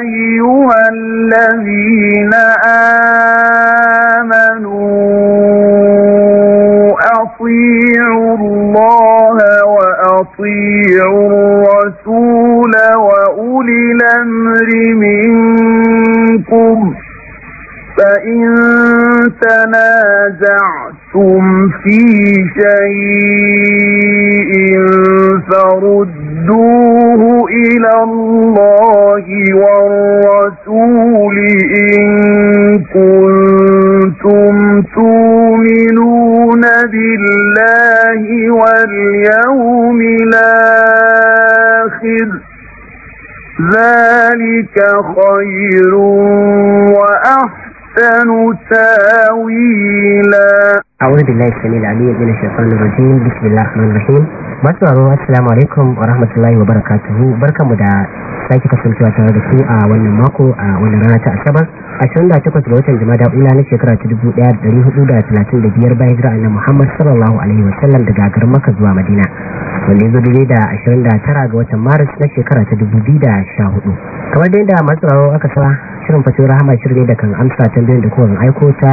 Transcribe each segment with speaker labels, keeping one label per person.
Speaker 1: أيها الذي
Speaker 2: aliyu bin shafan rajim bismillah rahman rahim masu raro assalamu alaikum wa rahmatullahi wa barakatuhu barkanmu da sake kasancewa tare da su a wannan mako a wannan rana ta asabar a ashirin da takwas ga watan jima'a ula na shekara ta dubu ɗaya da ɗari hudu da talatin da biyar bayan jira annan muhammad sallallahu alaihi wa sallam daga garin maka zuwa madina wanda ya zo daidai da ashirin da tara ga watan maris na shekara ta dubu biyu da sha hudu kamar dai da masu raro aka sa shirin fasiyar rahama shirin da kan amsa tambayin da kowane aiko ta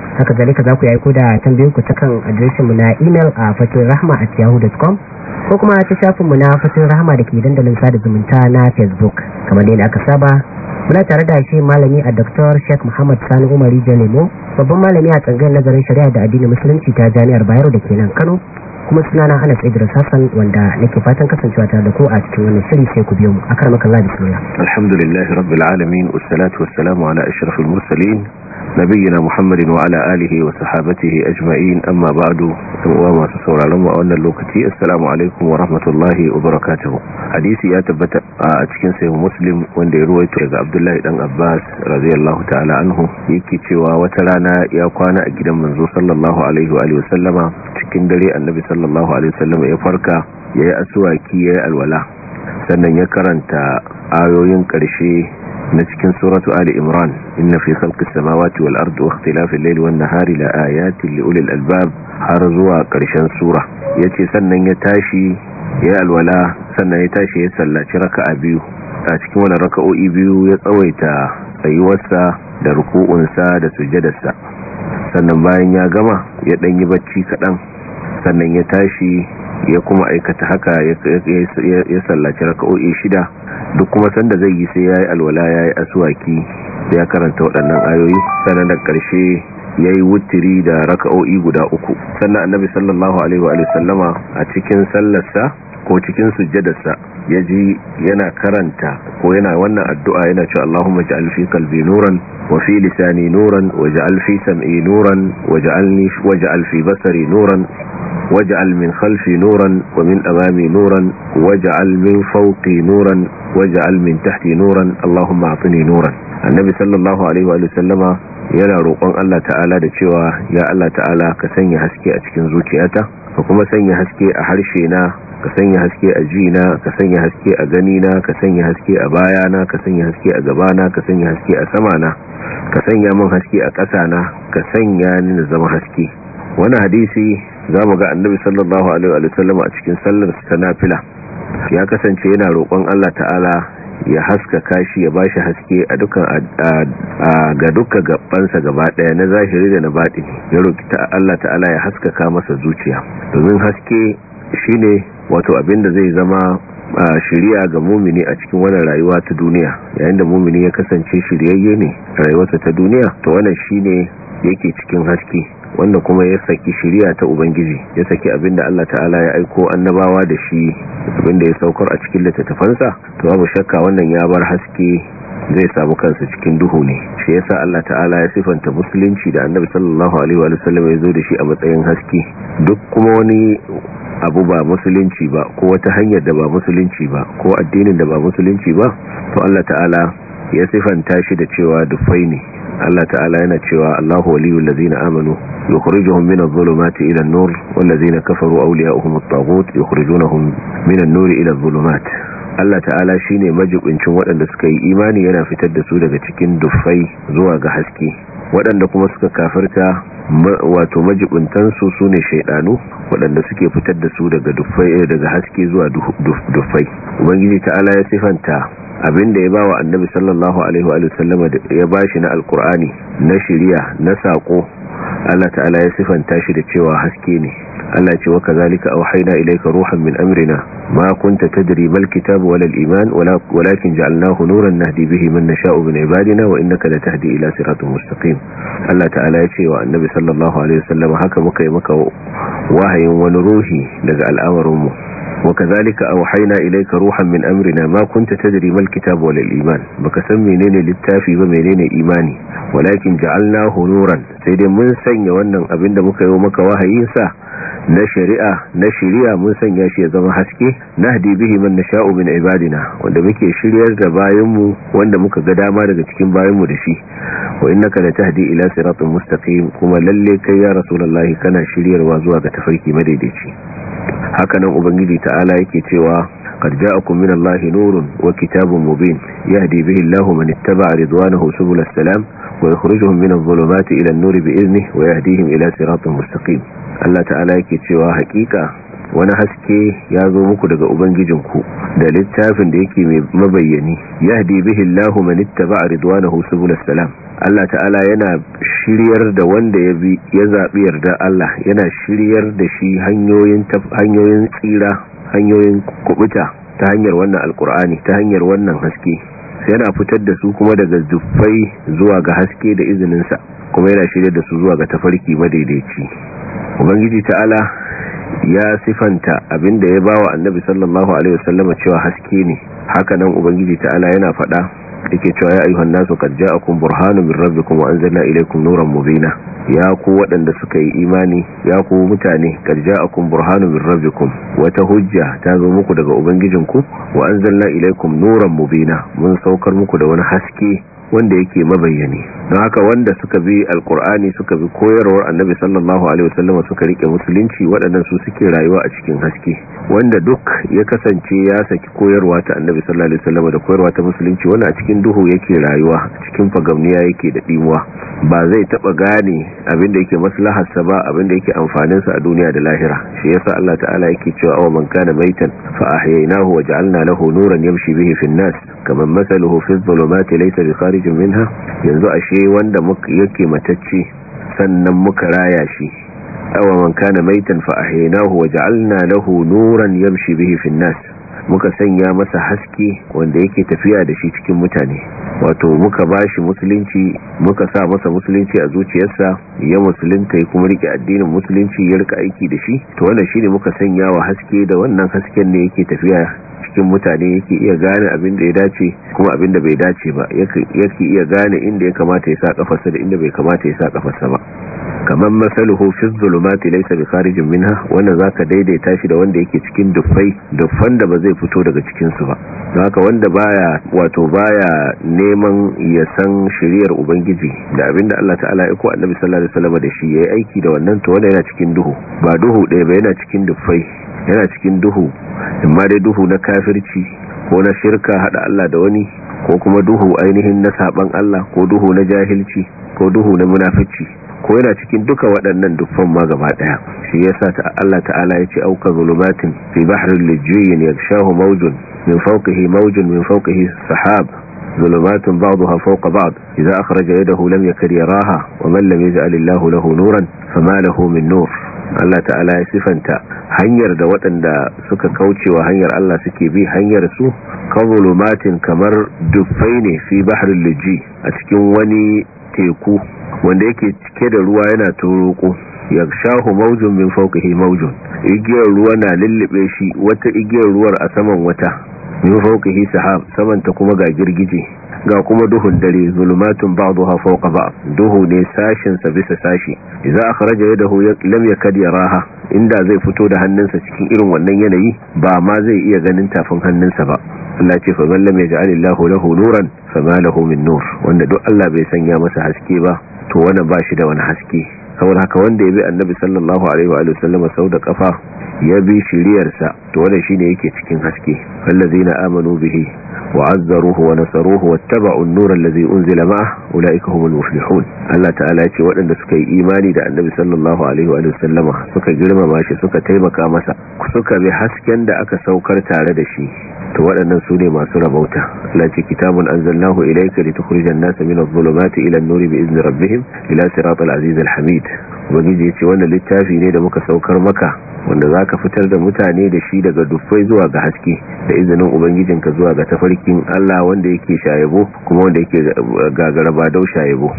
Speaker 2: haka ka za ku yi aiko da tambayin ku ta kan adireshinmu na imel a fatin rahama at yahoo.com ko kuma ta shafinmu na fatin rahama da ke dandalin sada zumunta na facebook kamar da aka saba muna tare da shi malami a dr sheikh muhammad sani umari jalemo babban malami a tsangayar nazarin shari'a da addinin musulunci ta jami'ar bayero da ke nan kano kuma suna na hana tsaye da sassan wanda nake fatan kasancewa tare da ko a cikin wannan shiri sai ku biyo mu akar makalla bismillah
Speaker 3: alhamdulillahi rabbil alamin wassalatu wassalamu ala ashrafil mursalin nabiyina muhammadin wa ala alihi wa sahabatihi ajma'in amma ba'du dan uwa masu sauraron mu a wannan lokaci assalamu alaikum wa rahmatullahi wa barakatuhu hadisi ya tabbata a cikin sahih muslim wanda ya ruwaito daga abdullahi dan abbas radiyallahu ta'ala anhu yake cewa wata rana ya kwana a gidan manzo sallallahu alaihi wa sallama cikin dare annabi sallallahu alaihi wa sallama ya farka yayi asuwaki yayi alwala sannan ya karanta ayoyin karshe. na cikin suratu ali imran inna fi khalqis samawati wal ardi wa ikhtilafil layli wan nahari la ayatin li ulil albab har zuwa karshen sura yace sannan ya tashi ya alwala sannan ya tashi ya sallaci raka'a biyu a cikin wannan raka'o'i biyu ya tsawaita tsayuwarsa da ruku'unsa da sujadarsa sannan bayan ya gama ya danyi bacci kadan sannan ya tashi ya kuma aikata haka ya sallaci raka'o'i shida duk kuma sanda zai yi sai ya yi alwala ya yi asuwaki ya karanta waɗannan ayoyi sannan da ƙarshe yi wutiri da raka'o'i guda uku sannan annabi sallallahu alaihi wa sallama a cikin sallarsa ko cikin sujjadarsa ya ji yana karanta ko yana wannan addu'a yana cewa Allahumma ja'al fi qalbi nuran wa fi lisani nuran wa ja'al fi sam'i nuran wa ja'alni wa ja'al fi basari nuran waj'al min khalfi nuran wa min amami nuran waj'al min fawqi nuran waj'al min tahti nuran Allahumma atini nuran annabi sallallahu alaihi wa sallama yana roƙon Allah ta'ala da cewa ya Allah ta'ala ka sanya haske a cikin zuciyata ka kuma sanya haske a harshe na ka sanya haske a na ka sanya haske a gani na ka sanya haske a baya na ka sanya haske a gaba na ka sanya haske a sama na ka sanya min haske a ƙasa na ka sanya ni na zama haske wani hadisi za mu ga annabi sallallahu alaihi wa sallam a cikin sallar ta nafila ya kasance yana roƙon Allah ta'ala ya haska kashi ya bashi haske a dukkan ga dukkan gabansa gaba daya na zahiri da na batini ya roki ta Allah ta'ala ya haska ka masa zuciya domin haske shine wato abinda zai zama shiriya ga mumini a cikin wannan rayuwa ta duniya yayin da mumini ya kasance shiryayye ne rayuwarsa ta duniya to wannan shine yake cikin haske wanda kuma ya saki shiriya ta ubangiji ya saki abinda Allah ta'ala ya aiko annabawa da shi abinda ya saukar a cikin littattafansa to babu shakka wannan ya bar haske zai samu kansa cikin duhu ne shi yasa Allah ta'ala ya sifanta musulunci da annabi sallallahu alaihi wa sallam ya zo da shi a matsayin haske duk kuma wani abu ba musulunci ba ko wata hanyar da ba musulunci ba ko addinin da ba musulunci ba to Allah ta'ala ya sifanta shi da cewa dufai ne Allah ta'ala yana cewa Allahu waliyul ladina amanu yukhrijuhum minadh dhulumati ila an-nur wal ladina kafaru awliya'uhum at-taghut yukhrijunahum minan nuri ila adh-dhulumat Allah ta'ala shine majibincin waɗanda suka yi imani yana fitar da su daga cikin dufai zuwa ga haske waɗanda kuma suka kafirta wato majibuntansu su ne shaidanu waɗanda suke fitar da su daga dufai eh, daga haske zuwa dufai ubangiji ta'ala ya sifanta abin da ya bawa annabi sallallahu alaihi wa sallama ya bashi na alkur'ani na shiriya na sako Allah ta'ala ya sifanta shi da cewa haske ne Allah ce wa kazalika auhayna ilayka ruhan min amrina ma kunta tadri bal kitabu wala iman walakin ja'alnahu nuran nahdi bihi man nasha'u min ibadina wa innaka latahdi ila siratin mustaqim Allah ta'ala ya ce wa annabi sallallahu alaihi wasallam haka muka yi maka wahayin wani ruhi daga al'amarin mu وكذلك اوحينا اليك روحا من امرنا ما كنت تدري ما الكتاب ولا الايمان بكسم منين للتافي بمنين ايماني ولكن جعلناه sai dai mun sanya wannan abin da muka yi maka wahayin sa na shari'a na shari'a mun sanya shi ya zama haske nahdi bihi man nasha'u min ibadina wanda muke shiryar da bayanmu wanda muka ga dama daga cikin bayanmu da shi wa innaka la tahdi ila siratin mustaqim kuma lallai kai ya rasulullahi kana shiryarwa zuwa ga tafarki madaidaici hakanan ubangiji ta'ala yake cewa qad ja'akum min allahi nurun wa kitabun mubin yahdi bihi allahu man ittaba'a ridwanahu subul salam wa yukhrijuhum min adh-dhulumati ila an-nur bi'iznihi wa yahdihim ila siratin mustaqim Allah ta'ala yake cewa hakika wani haske ya zo muku daga ubangijinku da littafin da yake mai mabayyani yahdi bihi Allahu a ridwana ridwanahu subul salam Allah ta'ala yana shiryar da wanda ya zaɓi ya zabi yarda Allah yana shiryar da shi hanyoyin hanyoyin tsira hanyoyin kubuta ta hanyar wannan alkur'ani ta hanyar wannan haske yana fitar da su kuma daga zuffai zuwa ga haske da izininsa kuma yana shirya da su zuwa ga tafarki madaidaici ubangiji ta'ala ya sifanta abinda ya bawa annabi sallallahu alaihi wasallam cewa haske ne haka nan ubangiji ta'ala yana fada yake cewa ya ayyuhan nasu kad ja'akum burhanun min rabbikum wa anzalna ilaykum nuran mubina ya ku waɗanda suka yi imani ya ku mutane kad ja'akum burhanun min rabbikum wata hujja ta zo muku daga ubangijinku wa anzalna ilaykum nuran mubina mun saukar muku da wani haske wanda yake mabayyane don haka wanda suka bi alkur'ani suka bi koyarwar annabi sallallahu alaihi wasallam suka rike musulunci waɗannan su suke rayuwa a cikin haske wanda duk ya kasance ya saki koyarwa ta annabi sallallahu alaihi wasallam da koyarwa ta musulunci wanda a cikin duhu yake rayuwa cikin fagamniya yake da dimuwa ba zai taba gane da yake maslahar sa ba abinda yake amfanin sa a duniya da lahira shi yasa Allah ta'ala yake cewa aw man kana maitan fa ahyaynahu wa ja'alna lahu nuran yamshi bihi fin an-nas kaman mathaluhu fi dhulumati laysa bi hayyun minha yanzu ashe wanda muka yake matacce sannan muka raya shi awa man kana maitan fa ahyaynahu wa ja'alna lahu nuran yamshi bihi fin nas muka sanya masa haske wanda yake tafiya da shi cikin mutane wato muka bashi musulunci muka sa masa musulunci a zuciyarsa ya musulunta ya kuma rike addinin musulunci ya rika aiki da shi to wannan shine muka sanya wa haske da wannan hasken ne yake tafiya cikin mutane yake iya gane abin da ya dace kuma abin da bai dace ba yake iya gane inda ya kamata ya sa kafarsa da inda bai kamata ya sa kafarsa ba kamar masaluhu fi zulumati laysa bi kharijin minha wanda zaka daidaita shi da wanda yake cikin dufai dufan da ba zai fito daga cikin su ba don haka wanda baya wato baya neman ya san shiriyar ubangiji da abinda Allah ta'ala ya ko annabi sallallahu alaihi wasallam da shi yayi aiki da wannan to wanda yana cikin duhu ba duhu ɗaya ba yana cikin dufai yana cikin duhu amma dai duhu na kafirci ko na shirka hada Allah da wani ko kuma duhu ainihin na saban Allah ko duhu na jahilci ko duhu na munafici ko yana cikin duka waɗannan dufan ma gaba ɗaya shi yasa ta Allah ta'ala ya ce auka zulumatin fi bahrin lijjiyin yakshahu mawjun min fawqihi mawjun min fawqihi sahab ظلمات بعضها فوق بعض إذا أخرج يده لم يكد يراها ومن لم يجعل الله له نورا فما له من نور Allah ta'ala ya sifanta hanyar da waɗanda suka kauce wa hanyar Allah suke bi hanyar su zulumatin kamar dufai ne fi bahar liji a cikin wani teku wanda yake cike da ruwa yana toroko ya shahu maujun min fawqihi maujun igiyar ruwa na lullube shi wata igiyar ruwar a saman wata min fawqihi sahab saman ta kuma ga girgije ga kuma duhun dare zulumatun ba'daha fawqa ba'd duhu ne sashin sa bisa sashi idza akhraja yadahu lam yakad yaraha inda zai fito da hannunsa cikin irin wannan yanayi ba ma zai iya ganin tafin hannunsa ba Allah ce fa man lam yaj'alillahu lahu nuran ma lahu min nur wanda duk Allah bai sanya masa haske ba to wannan ba shi da wani haske saboda haka wanda ya bi annabi sallallahu alaihi wa sallama sau da kafa ya bi shiriyarsa to wannan shine yake cikin haske zaina amanu bihi wa azzaruhu wa nasaruhu wattaba'u an-nura allazi unzila ma'a ulaika humul muflihun Allah ta'ala yace waɗanda suka yi imani da annabi sallallahu alaihi wa sallama suka girmama shi suka taimaka masa suka bi hasken da aka saukar tare da shi to waɗannan su ne masu rabauta Allah ce kitabun anzalnahu ilayka litukhrijan nasa min adh-dhulumati ila an-nuri bi idzni rabbihim ila siratal azizil hamid ubangiji ya ce wannan littafi ne da muka saukar maka wanda za ka fitar da mutane da shi daga dufai zuwa ga haske da izinin ubangijin ka zuwa ga tafarkin allah wanda yake shayabo kuma wanda yake gagara ba dau shayabo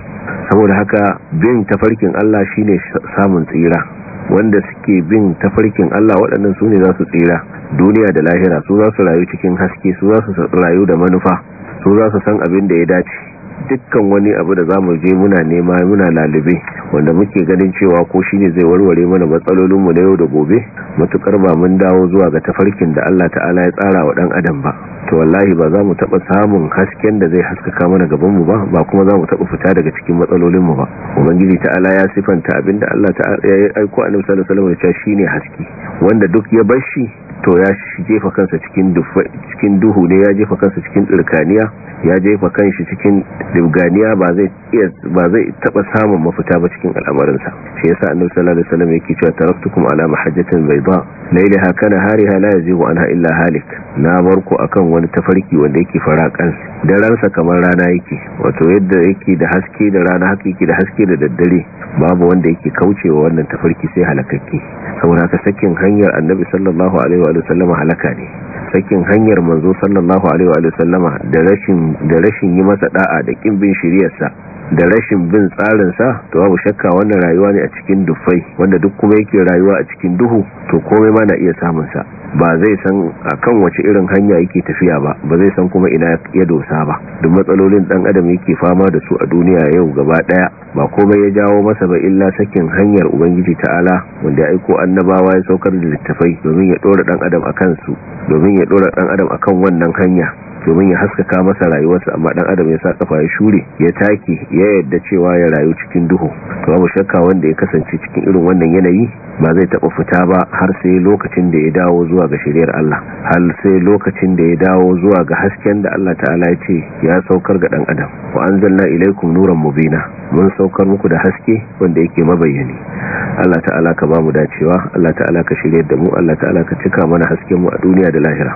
Speaker 3: saboda haka bin tafarkin allah shi ne samun tsira wanda suke bin tafarkin Allah waɗannan su ne za su tsira duniya da lahira su za su rayu cikin haske su za su rayu da manufa su za su san abin da ya dace dukkan wani abu da zamu je muna nema muna lalube wanda muke ganin cewa ko shine zai warware mana matsalolinmu na yau da gobe matukar ba mun dawo zuwa ga tafarkin da Allah ta'ala ya tsara wa dan adam ba to wallahi ba za mu taba samun hasken da zai haskaka mana gaban mu ba ba kuma za mu taba fita daga cikin matsalolin mu ba ubangiji ta'ala ya sifanta abinda Allah ta'ala ya aiko annabi sallallahu alaihi wasallam ya ce shine haske wanda duk ya bar shi to ya jefa kansa cikin duhu ne ya jefa kansa cikin tsirkaniya ya jefa kanshi cikin dibganiya ba zai ba zai taba samun mafita ba cikin al'amarinsa shi yasa annabi sallallahu alaihi wasallam bai cewa taraktukum ala mahajjatin bayda lailaha kana hariha la yazigu anha illa halik na a kan wani tafarki wanda yake fara kan daransa kamar rana yake wato yadda yake da haske da rana haka yake da haske da daddare babu wanda yake kaucewa wannan tafarki sai halakakke saboda haka sakin hanyar annabi sallallahu alaihi alaihi wasallama halaka ne sakin hanyar manzo sallallahu alaihi wa sallama da rashin da rashin yi masa da'a da kin bin shiriyarsa da rashin bin tsarinsa to babu shakka wannan rayuwa ne a cikin dufai wanda duk kuma yake rayuwa a cikin duhu to komai ma na iya samunsa ba zai san akan wace irin hanya yake tafiya ba ba zai san kuma ina ya dosa ba duk matsalolin dan adam yake fama da su a duniya yau gaba daya ba komai ya jawo masa ba illa sakin hanyar ubangiji ta'ala wanda ya aiko annabawa ya saukar da littafai domin ya dora dan adam akan su domin ya dora dan adam akan wannan hanya domin ya haskaka masa rayuwarsa amma dan adam ya sa kafa ya shure ya take ya yadda cewa ya rayu cikin duhu to babu shakka wanda ya kasance cikin irin wannan yanayi ba zai taba fita ba har sai lokacin da ya dawo zuwa ga shari'ar Allah har sai lokacin da ya dawo zuwa ga hasken da Allah ta'ala ya ce ya saukar ga dan adam wa anzalna ilaykum nuran mubina mun saukar muku da haske wanda yake mabayyani Allah ta'ala ka ba mu dacewa Allah ta'ala ka shiryar da mu Allah ta'ala ka cika mana hasken mu a duniya da lahira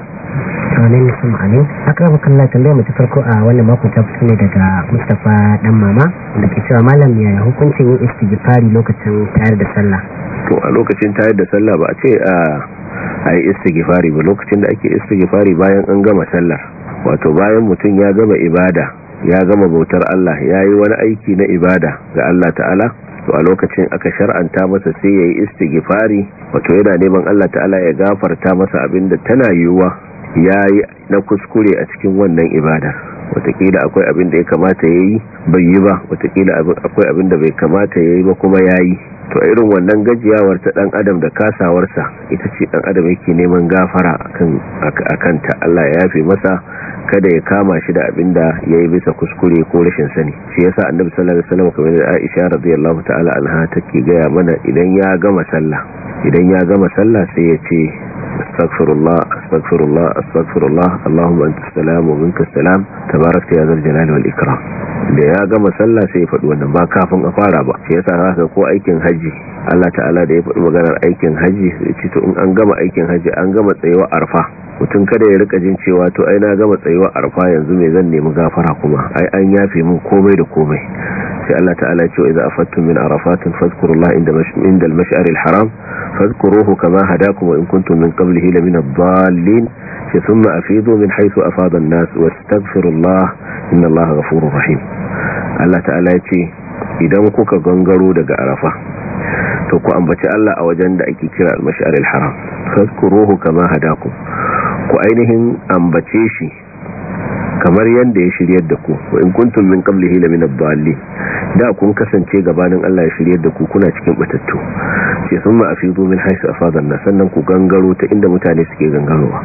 Speaker 2: amin amin akrabu kallah tambayar mu farko a wannan makon ta fito ne daga Mustapha dan mama da ke cewa malam ya hukuncin yin istighfari lokacin tayar da sallah
Speaker 3: to a lokacin tayar da sallah ba a ce a yi istighfari ba lokacin da ake istighfari bayan an gama sallah wato bayan mutum ya gama ibada ya gama bautar Allah ya yi wani aiki na ibada ga Allah ta'ala to a lokacin aka shar'anta masa sai ya yi istigifari wato yana neman Allah ta'ala ya gafarta masa abinda tana yiwuwa ya yi na kuskure a cikin wannan ibada watakila akwai abin da ya kamata ya yi bai yi ba watakila akwai abin da bai kamata ya yi ba kuma ya yi to irin wannan gajiyawar ta dan adam da kasawarsa ita ce dan adam yake neman gafara a kanta Allah ya yafe masa kada ya kama shi da abin da ya yi bisa kuskure ko rashin sani shi yasa annabi sallallahu alaihi wasallam kamar da Aisha radiyallahu ta'ala anha take gaya mana idan ya gama sallah idan ya gama sallah sai ya ce astaghfirullah astaghfirullah astaghfirullah allahumma anta salamu minka salam tabarakta ya zal jalali wal ikram da ya gama sallah sai ya faɗi wannan ba kafin a fara ba shi yasa haka ko aikin hajji? Allah ta'ala da ya faɗi maganar aikin hajji? sai ce to in an gama aikin hajji, an gama a arfa mutum kada ya rika jin cewa to ai na gama tsayuwa arfa yanzu me zan nemi gafara kuma ai an yafe mun komai da komai sai Allah ta'ala ya ce idza afattum min arafatin fadhkurullaha inda inda al-mash'ar al-haram fadhkuruhu kama hadakum wa in kuntum min qablihi la min ad-dallin sai thumma afidu min haythu afada an-nas wastaghfirullaha innallaha ghafurur rahim Allah ta'ala ya ce idan kuka gangaro daga arafa to ku ambaci Allah a wajen da ake kira al-mash'ar al-haram fadhkuruhu kama hadakum ku ainihin ambace shi kamar yadda ya shiryar da ku wa in kuntum min qablihi la min ad-dallin da kun kasance gabanin Allah ya shiryar da ku kuna cikin batattu sun ma afidu min haythu afadanna sannan ku gangaro ta inda mutane suke gangarowa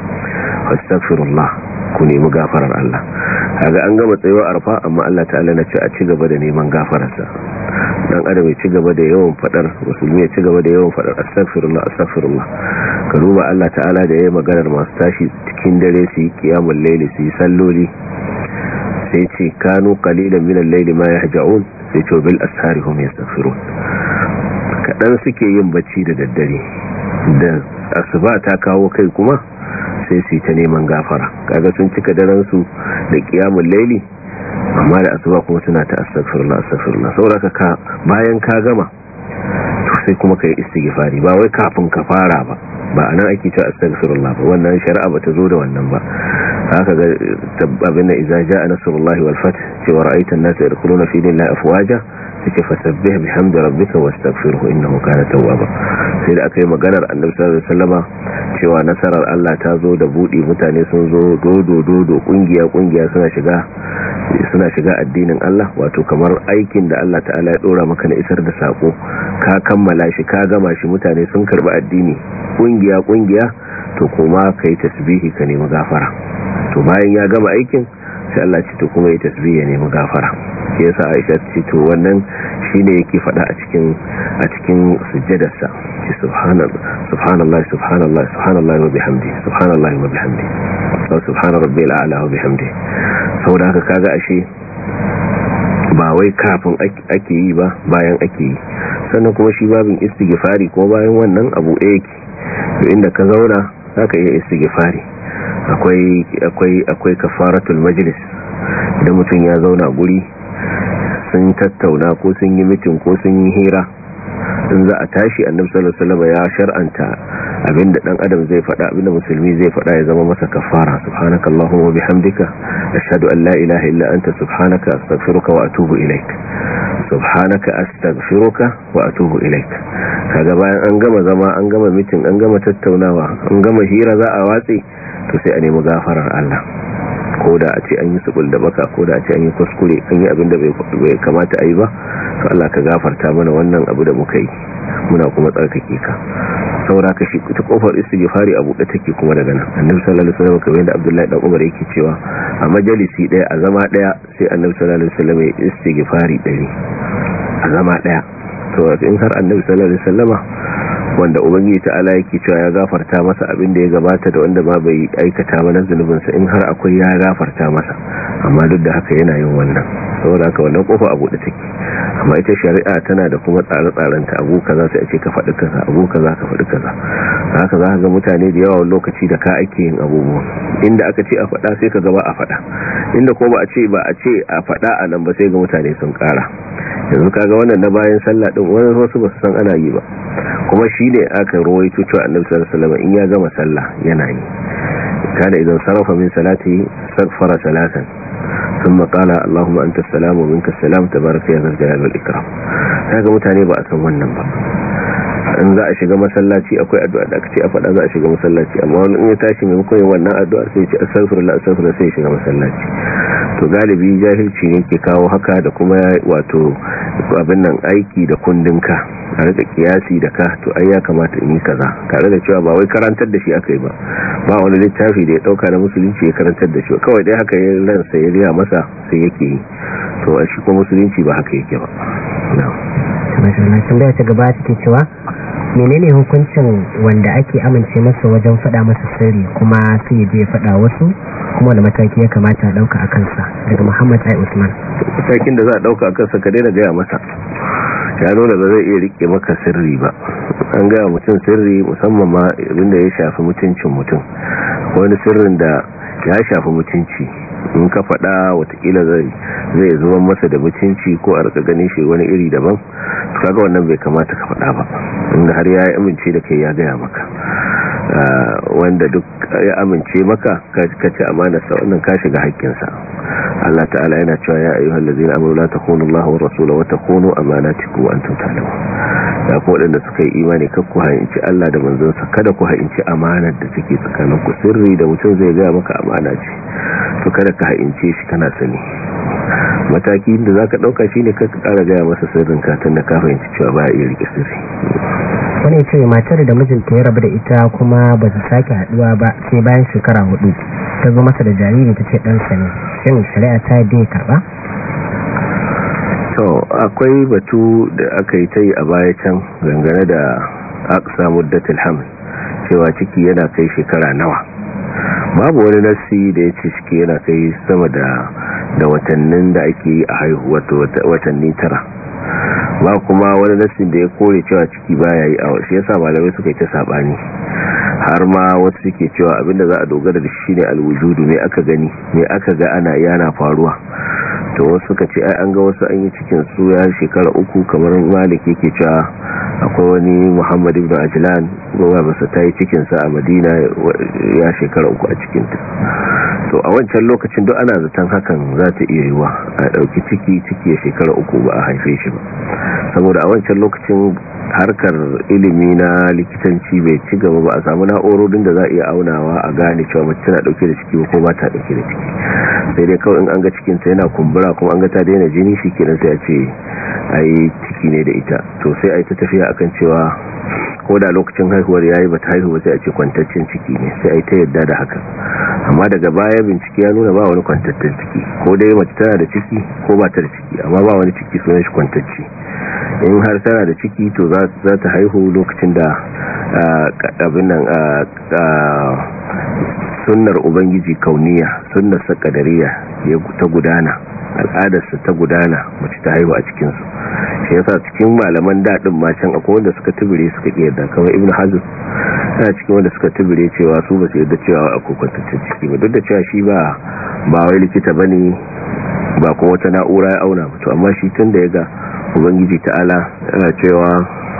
Speaker 3: astaghfirullah ku nemi gafarar Allah kaga an gama tsayuwar arfa amma Allah ta'ala na ce a ci gaba da neman gafararsa dan adam ya ci gaba da yawan fadar musulmi ya ci gaba da yawan fadar astaghfirullah astaghfirullah ka duba Allah ta'ala da yayi maganar masu tashi cikin dare su yi laili layli su yi salloli sai ce kanu qalilan minal layli ma yahja'un sai to bil asharihum yastaghfirun kadan suke yin bacci da daddare da asuba ta kawo kai kuma sai su yi ta neman gafara kaga sun cika daren su da kiyamul laili amma da asuba kuma suna ta astaghfirullah astaghfirullah saboda ka bayan ka gama to sai kuma ka yi istighfari ba wai kafin ka fara ba ba anan ake ta astaghfirullah ba wannan shari'a ba ta zo da wannan ba haka ga tabbabin da a jaa walfat wal cewa ra'aita an-nasa yadkhuluna fi dinillahi afwaja suke fasabbih bihamdi rabbika wastaghfirhu innahu kana tawwaba sai da akai maganar annabi sallallahu alaihi wasallama cewa nasarar Allah ta zo da budi mutane sun zo dodo dodo kungiya kungiya suna shiga suna shiga addinin Allah wato kamar aikin da Allah ta'ala ya dora maka na isar da sako ka kammala shi ka gama shi mutane sun karbi addini kungiya kungiya to kuma kai tasbihi ka nemi gafara to bayan ya gama aikin sai Allah ci to kuma ya tasbihi ya nemi gafara shi yasa aisha ce to wannan shine yake fada a cikin a cikin sujjadarsa ce subhanallah subhanallah subhanallah wa bihamdi subhanallah wa bihamdi subhana rabbil a'la wa bihamdi saboda haka kaga ashe ba wai kafin ake yi ba bayan ake yi sannan kuma shi babin istighfari ko bayan wannan abu ɗaya yake to inda ka zauna zaka iya istighfari akwai akwai akwai kafaratul majlis idan mutum ya zauna guri sun tattauna ko sun yi mitin ko sun yi hira in za a tashi annabi sallallahu ya shar'anta abinda dan adam zai faɗa abinda musulmi zai faɗa ya zama masa kafara subhanakallahumma wa bihamdika ashhadu an la ilaha illa anta subhanaka astaghfiruka wa atubu ilaik subhanaka astaghfiruka wa atubu ilaik kaga bayan an gama zama an gama mitin an gama tattaunawa an gama hira za a watsi to sai a nemi gafarar Allah ko da a ce an yi sukul da baka ko da a ce an yi kuskure an yi abin da bai kamata a yi ba to Allah ka gafarta mana wannan abu da muka yi muna kuma tsarkake ka saura ka shi ta kofar istighfari a buɗe take kuma daga nan annabi sallallahu alaihi wasallam kamar yadda Abdullahi dan Umar yake cewa a majalisi daya a zama daya sai annabi sallallahu alaihi wasallam ya istighfari dare a zama daya to in har annabi sallallahu alaihi wasallama wanda ubangiji ta'ala yake cewa ya gafarta masa abin da ya gabata da wanda ba bai aikata ba na zunubinsa in har akwai ya gafarta masa amma duk da haka yana yin wannan saboda haka wannan kofa a buɗe take amma ita shari'a tana da kuma tsare-tsaren ta abu kaza sai a ce ka faɗi kaza abu kaza ka faɗi kaza haka za ka ga mutane da yawa lokaci da ka ake yin abubuwa inda aka ce a faɗa sai ka gaba a faɗa inda ko ba a ce ba a ce a faɗa a nan ba sai ga mutane sun ƙara yanzu kaga wannan na bayan sallah din wannan wasu ba su san ana yi ba kuma shine aka rawaito cewa annabi sallallahu alaihi wasallam in ya gama sallah yana yi kana idan sarafa min salati sagfara salatan sun قال اللهم انت السلام ومنك السلام ya يا ذا الجلال والاكرام kaga mutane ba a san wannan ba in za a shiga masallaci akwai addu'a da aka a faɗa za a shiga masallaci amma wani in ya tashi ne yin wannan addu'a sai ce astaghfirullah astaghfirullah sai ya shiga masallaci to galibi jahilci ne ke kawo haka da kuma wato abin nan aiki da kundin ka rika kiyasi da ka to ai ya kamata in yi kaza tare da cewa ba wai karantar da shi aka ba ba wani littafi da ya dauka na musulunci ya karantar da shi kawai dai haka yin ransa ya riya masa sai yake yi to a shi kuma musulunci ba haka yake ba na'am
Speaker 2: mashallah ta gaba take cewa menene hukuncin wanda ake amince masa wajen faɗa masa sirri kuma sai ya je faɗa wasu kuma wani mataki ya kamata a ɗauka a kansa daga muhammad ai usman
Speaker 3: matakin da za a ɗauka a kansa ka daina gaya masa ya nuna ba zai iya rike maka sirri ba an gaya mutum sirri musamman ma abinda ya shafi mutuncin mutum wani sirrin da ya shafi mutunci in ka faɗa watakila zai zuwa masa da mutunci ko a rika ganin shi wani iri daban kaga wannan bai kamata ka faɗa ba inda har ya yi amince da kai ya gaya maka Eh, wanda duk ya amince maka ka ci sa wannan ka shiga sa. Allah ta'ala yana cewa ya ayyuhal ladzina amanu la takunu Allah wa wata wa takunu amanatikum wa antum ta'lamun da ko wadanda suka yi imani kar ku hainci Allah da manzonsa kada ku hainci amanar da take tsakanin ku sirri da mutum zai ga maka amana ce to kada ka haince shi kana sani Matakin da zaka dauka shine ka kara ga masa sirrin ka tunda ka fahimci cewa ba ya rike sirri
Speaker 2: wani ce matar da mijinta ya rabu da ita kuma ba su sake haduwa ba sai bayan shekara hudu ta zo masa da jariri ta ce ɗansa ne shin shari'a ta dai karba
Speaker 3: to akwai batu da aka yi ta yi a baya can dangane da samu muddatul hamil cewa ciki yana kai shekara nawa babu wani nasi da ya ce ciki yana kai sama da watannin da ake yi a haihuwa watanni tara ba kuma wani nassin da ya kore cewa ciki baya yi awa, shi yasa malamai suka yi ta saɓani. har ma wasu suke cewa abinda za a dogara da shi ne alwujudu me aka gani mai aka ga ana yana faruwa to wasu suka ce ai an ga wasu an yi cikin su ya shekara uku kamar malik yake cewa akwai wani muhammad ibn ajlan gowa masa ta yi cikin sa a madina ya shekara uku a cikin ta to a wancan lokacin duk ana zaton hakan za ta iya yiwa a ɗauki ciki ciki ya shekara uku ba a haife shi saboda a wancan lokacin harkar ilimi na likitanci bai ci gaba ba a samu na'urorin da za a iya aunawa a gane cewa mace tana dauke da ciki ko ba ta dauke da ciki sai dai kawai in an ga cikin ta yana kumbura kuma an ga ta daina jini shi kenan sai a ce ai ciki ne da ita to sai yi ta tafiya akan cewa ko da lokacin haihuwar yayi ba ta haihu sai a ce kwantaccen ciki ne sai a yi ta yadda da haka amma daga baya bincike ya nuna ba wani kwantaccen ciki ko dai mace tana da ciki ko ba ta da ciki amma ba wani ciki sunan shi kwantacce in har tana da ciki to za ta haihu lokacin da abin nan sunnar ubangiji kauniya sunnar sakadariya ta gudana al'adarsa ta gudana mace ta haihu a cikinsu shi yasa cikin malaman daɗin macen akwai wanda suka tubire suka ƙiyarda kamar ibn hajjus na cikin wanda suka tubire cewa su ba su yadda cewa a kokwantaccen ciki ba duk da cewa shi ba ba wai likita ba ne ba kuma wata na'ura ya auna mutu amma shi tun da ya ga ubangiji ta'ala yana cewa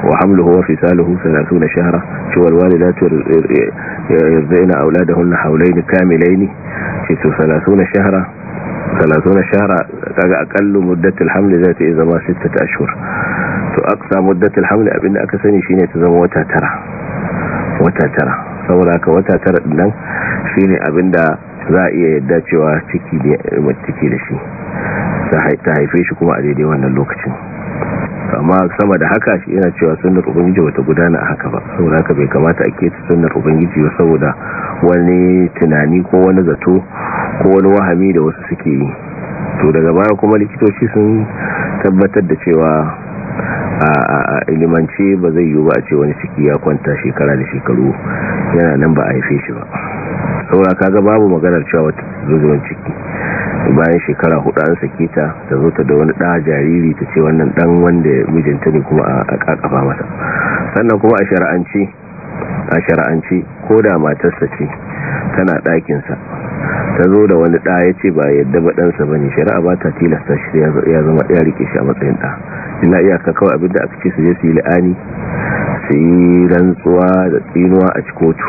Speaker 3: wa hamluhu wa fisaluhu 30 shahra cewa walidatu yarzaina auladahunna hawlayn kamilayn ce to 30 shahra 30 shahra kaga aqallu muddatul hamli zata iya zama 6 ashhur to aksa muddatul hamli abinda aka sani shine ta zama wata tara wata tara saboda haka wata tara din nan shine abinda za iya yadda cewa ciki ne ciki da shi ta haife shi kuma a daidai wannan lokacin amma sama da haka shi yana cewa sunnar ubangiji bata gudana a haka ba saboda haka bai kamata a keta sunnar ubangiji ba saboda wani tunani ko wani zato ko wani wahami da wasu suke yi to daga baya kuma likitoci sun tabbatar da cewa a ilimance ba zai yiwu ba a ce wani ciki ya kwanta shekara da shekaru yana nan ba a haife shi ba saura kaga babu maganar cewa wata zo ciki bayan shekara hudu an sake ta ta zo ta da wani da jariri ta ce wannan dan wanda mijinta ne kuma a kakafa mata sannan kuma a shari'anci a shari'anci ko da matarsa ce tana ɗakinsa ta zo da wani ɗa ya ce ba yadda ba ɗansa ba ne shari'a ba ta tilasta shi ya zama ya rike shi a matsayin ɗa illa iyaka kawai abinda aka ce su je su yi la'ani su yi rantsuwa da tsinuwa a cikotu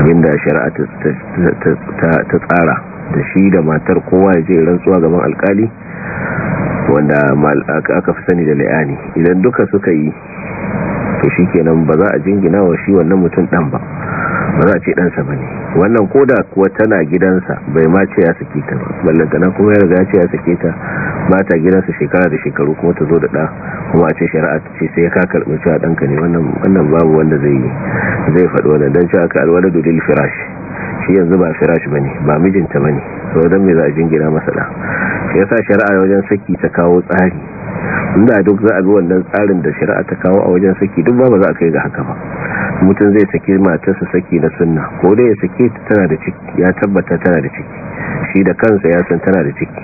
Speaker 3: abinda shari'a ta tsara da shi da matar kowa ya je rantsuwa gaban alkali wanda aka fi sani da la'ani idan duka suka yi to shi kenan ba za a jingina wa shi wannan mutum ɗan ba ba za a ce ɗansa ba ne wannan koda kuwa tana gidansa bai ma ce ya sake ta ba ballantana kuma ya riga ce ya sake ta ba ta gidansa shekara da shekaru kuma ta zo da ɗa kuma a ce shari'a ta ce sai ka karɓi cewa ɗanka ne wannan babu wanda zai yi zai faɗi wannan don cewa ka dole dolil firash shi yanzu ba firash ba ne ba mijinta ba ne sau don mai za a jingina masa ɗa shi sa shari'a wajen saki ta kawo tsari inda duk za a bi wannan tsarin da shari'a ta kawo a wajen saki duk ba za a kai ga haka ba mutum zai saki matarsa saki na sunna ko dai ya saki tana da ciki ya tabbata tana da ciki shi da kansa ya san tana da ciki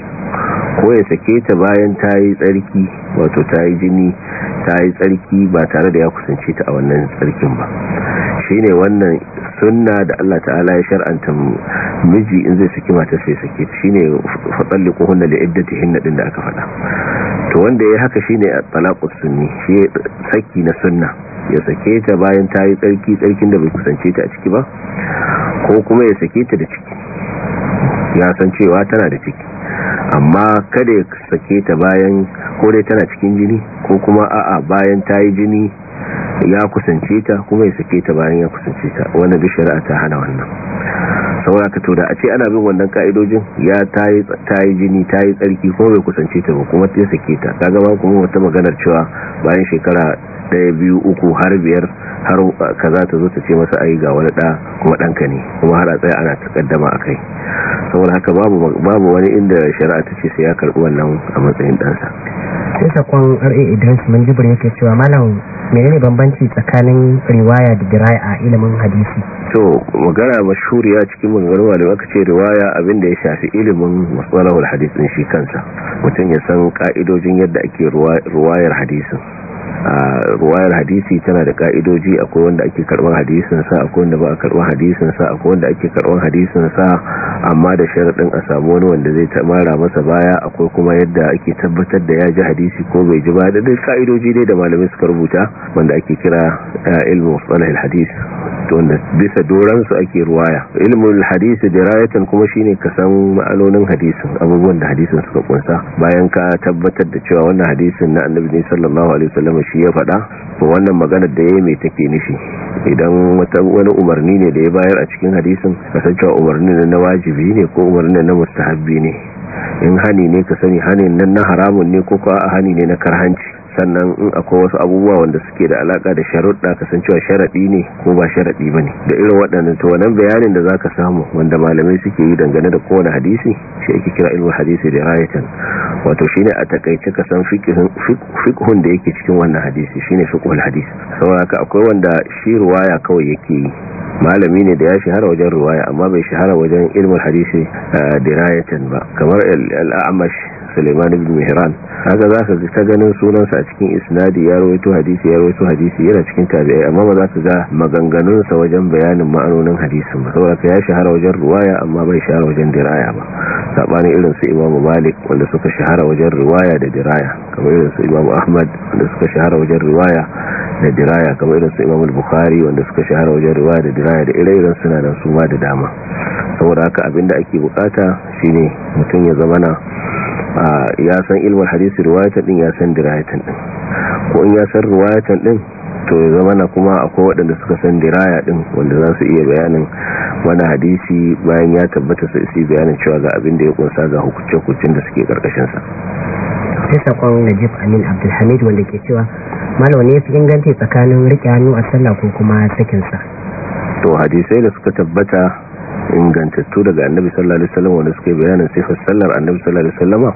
Speaker 3: ko ya sake ta bayan ta yi tsarki wato ta yi jini ta yi tsarki ba tare da ya kusance ta a wannan tsarkin ba shi ne wannan sunna da Allah ta'ala ya shar'anta miji in zai saki mata sai saki shine ko hunna iddati hinna din da aka faɗa to wanda yayi haka shine talaqus sunni shi saki na sunna ya sake ta bayan ta yi tsarki tsarkin da bai kusance ta a ciki ba ko kuma ya sake ta da ciki ya san cewa tana da ciki amma kada ya sake ta bayan ko dai tana cikin jini ko kuma a'a bayan ta yi jini ya kusance ta kuma ya sake ta bayan ya kusance ta wannan bi shari'a ta hana wannan saboda ka to a ce ana bin wannan ka'idojin ya tayi tayi jini tayi tsarki ko bai kusance ta ba kuma ya sake ta kaga ba kuma wata maganar cewa bayan shekara daya biyu uku har biyar har kaza ta zo ta ce masa ayi ga wani da kuma danka ne kuma har a tsaya ana a kai saboda haka babu wani inda shari'a ta ce sai ya karbi wannan a matsayin dansa
Speaker 2: sai sakon yake cewa malam menene bambanci tsakanin riwaya da diraya a ilimin hadisi
Speaker 3: to magana mashuriya cikin maganganun malamai ce riwaya abinda ya shafi ilimin matsalawar hadisin shi kansa mutum ya san ka'idojin yadda ake ruwayar hadisin ruwayar hadisi tana da ka'idoji akwai wanda ake karban hadisin sa akwai wanda ba a karban hadisin sa akwai wanda ake karban hadisin sa amma da sharaɗin a samu wani wanda zai tamara masa baya akwai kuma yadda ake tabbatar da ya ji hadisi ko bai ji ba da dai ka'idoji dai da malamai suka rubuta wanda ake kira ilmu musalahil hadis to wanda bisa doran su ake ruwaya ilmul hadisi dirayatan kuma shine ka san ma'anonin hadisin abubuwan da hadisin suka kunsa bayan ka tabbatar da cewa wannan hadisin na annabi sallallahu alaihi wasallam shi ya faɗa ba wannan maganar da ya yi mai take nufi idan wani umarni ne da ya bayar a cikin hadisin kasancewa umarni na wajibi ne ko umarni na mustahabbi ne in hani ne ka sani hanin nan na haramun ne ko ka hani ne na karhanci sannan in akwai wasu abubuwa wanda suke da alaka da sharuɗa kasancewa sharaɗi ne ko ba sharaɗi ba ne da irin waɗannan to wannan bayanin da za ka samu wanda malamai suke yi dangane da kowane hadisi shi ake kira ilmin hadisi da rayatan wato shi ne a takaice ka san fikhun da yake cikin wannan hadisi shi ne fikhul hadis saboda haka akwai wanda shi ruwaya kawai yake yi malami ne da ya shahara wajen ruwaya amma bai shahara wajen ilmin hadisi eh, da rayatan ba kamar al'amash Suleiman ibn Mihran haka zaka ji ta ganin sunansa a cikin isnadi ya rawaito hadisi ya rawaito hadisi yana cikin tabi'i amma ba zaka ga maganganun sa wajen bayanin ma'anonin hadisin ba saboda ya shahara wajen riwaya amma bai shahara wajen diraya ba sabanin irin su Imam Malik wanda suka shahara wajen riwaya da diraya kamar irin su Imam Ahmad wanda suka shahara wajen riwaya da diraya kamar irin su Imam Bukhari wanda suka shahara wajen riwaya da diraya da ire-iren suna nan su ma da dama saboda haka abinda ake bukata shine mutum ya zama na. ya san ilmin hadisi ruwayatan din ya san dirayatan din ko in ya san ruwayatan din to ya zama na kuma akwai waɗanda suka san diraya din wanda za su iya bayanin wani hadisi bayan ya tabbata su isi bayanin cewa ga abin da ya kunsa ga hukuncin da suke karkashin sa
Speaker 2: sai sakon najib amin abdulhamid wanda ke cewa malam ne fi inganta tsakanin riƙe hannu a sallah ko kuma sakinsa
Speaker 3: to hadisai da suka tabbata ingantattu daga annabi sallallahu alaihi wasallam wanda suke bayanin sifar sallar annabi sallallahu alaihi wasallama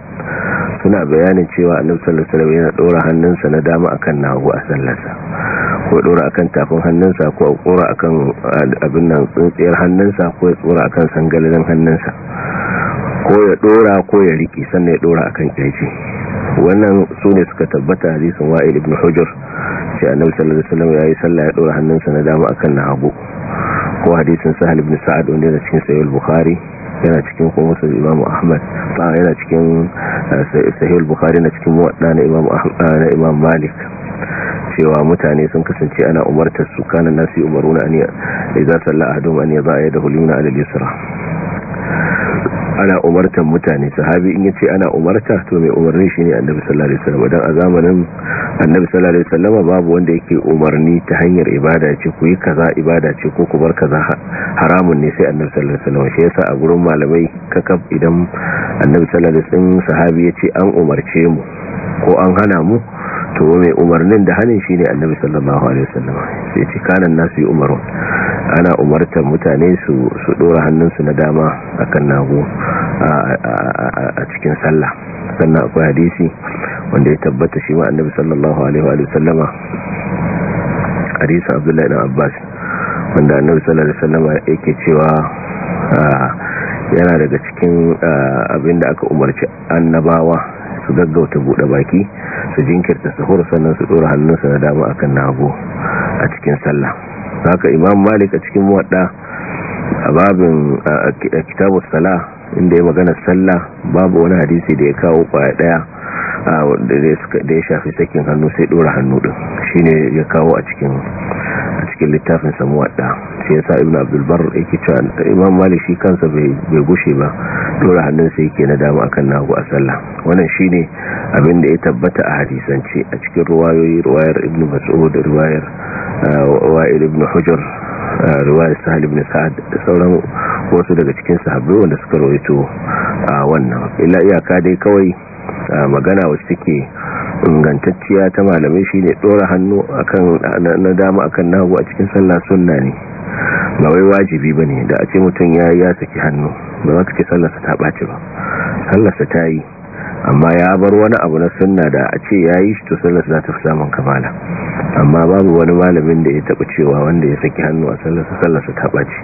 Speaker 3: suna bayanin cewa annabi sallallahu alaihi wasallam yana dora hannunsa na dama akan nagu a sallarsa ko dora akan tafin hannunsa ko dora akan eh, abin nan tsintsiyar hannunsa ko ya dora akan sangalin hannunsa ko ya dora ko ya riki sannan ya dora akan kirji wannan su ne suka tabbata hadisin wa'il ibn hujr shi annabi sallallahu alaihi wasallam yayi sallah ya dora hannunsa na dama akan nagu ko hadisin sahal ibn sa'ad wanda yana cikin sahih al-bukhari yana cikin kuma imam ahmad ba yana cikin eh, sahih al-bukhari na cikin muwadda na imam eh, na imam malik cewa mutane sun kasance ana umartar su kana nasi umaruna an idza salla ahadum an yada'a yadahu al ala al-yusra ana umartar mutane sahabi in yace ana umarta to mai umarni shine annabi sallallahu alaihi wasallam dan a zamanin annabi sallallahu alaihi wasallam babu wanda yake umarni ta hanyar ibada ce ku yi kaza ibada ce ko ku bar kaza haramun ne sai annabi sallallahu alaihi wasallam shi yasa a gurin malamai kakab idan annabi sallallahu alaihi wasallam sahabi yace an umarce mu ko an hana mu to mai umarnin da hanin shine annabi sallallahu alaihi wasallam sai ce kanan nasu umaru ana umartar mutane su su dora hannunsu na dama akan nagu a cikin sallah sannan akwai hadisi wanda ya tabbata shi wa annabi sallallahu alaihi wa sallama hadisi abdullahi ibn abbas wanda annabi sallallahu alaihi wa sallama yake cewa yana daga cikin abinda aka umarci annabawa su gaggauta bude baki su jinkirta suhur sannan su dora hannunsu na dama akan nagu a cikin sallah haka imam malik a cikin wadda a babin a kitabu salah inda ya magana sallah babu wani hadisi da ya kawo kwaya daya da ya shafi sakin hannu sai dora hannu din ne ya kawo a cikin littafin samuwa wadda shi ya sa ibn abdul ya ke cewa imam malik shi kansa bai gushe ba dora hannun sai ke na dama akan nagu a sallah wannan shine abin da ya tabbata a hadisance a cikin ruwayoyi ruwayar ibnu da ruwayar wa'il ibnu hujjar. ruwayar sahal ibn sa'ad da sauran wasu daga cikin sahabbai wanda suka rawaito a wannan illa iyaka dai kawai magana wacce take ingantacciya ta malamai shine ɗora hannu akan na dama akan nagu a cikin sallah sunna ne ba wai wajibi bane da a ce mutum ya saki hannu ba za ka ce sallarsa ta ɓaci ba sallarsa ta yi amma ya bar wani abu na sunna da a ce ya yi shi to sallar za ta fi samun kamala amma babu wani malamin da ya taɓa cewa wanda ya saki hannu a sallar su sallar su taɓa ce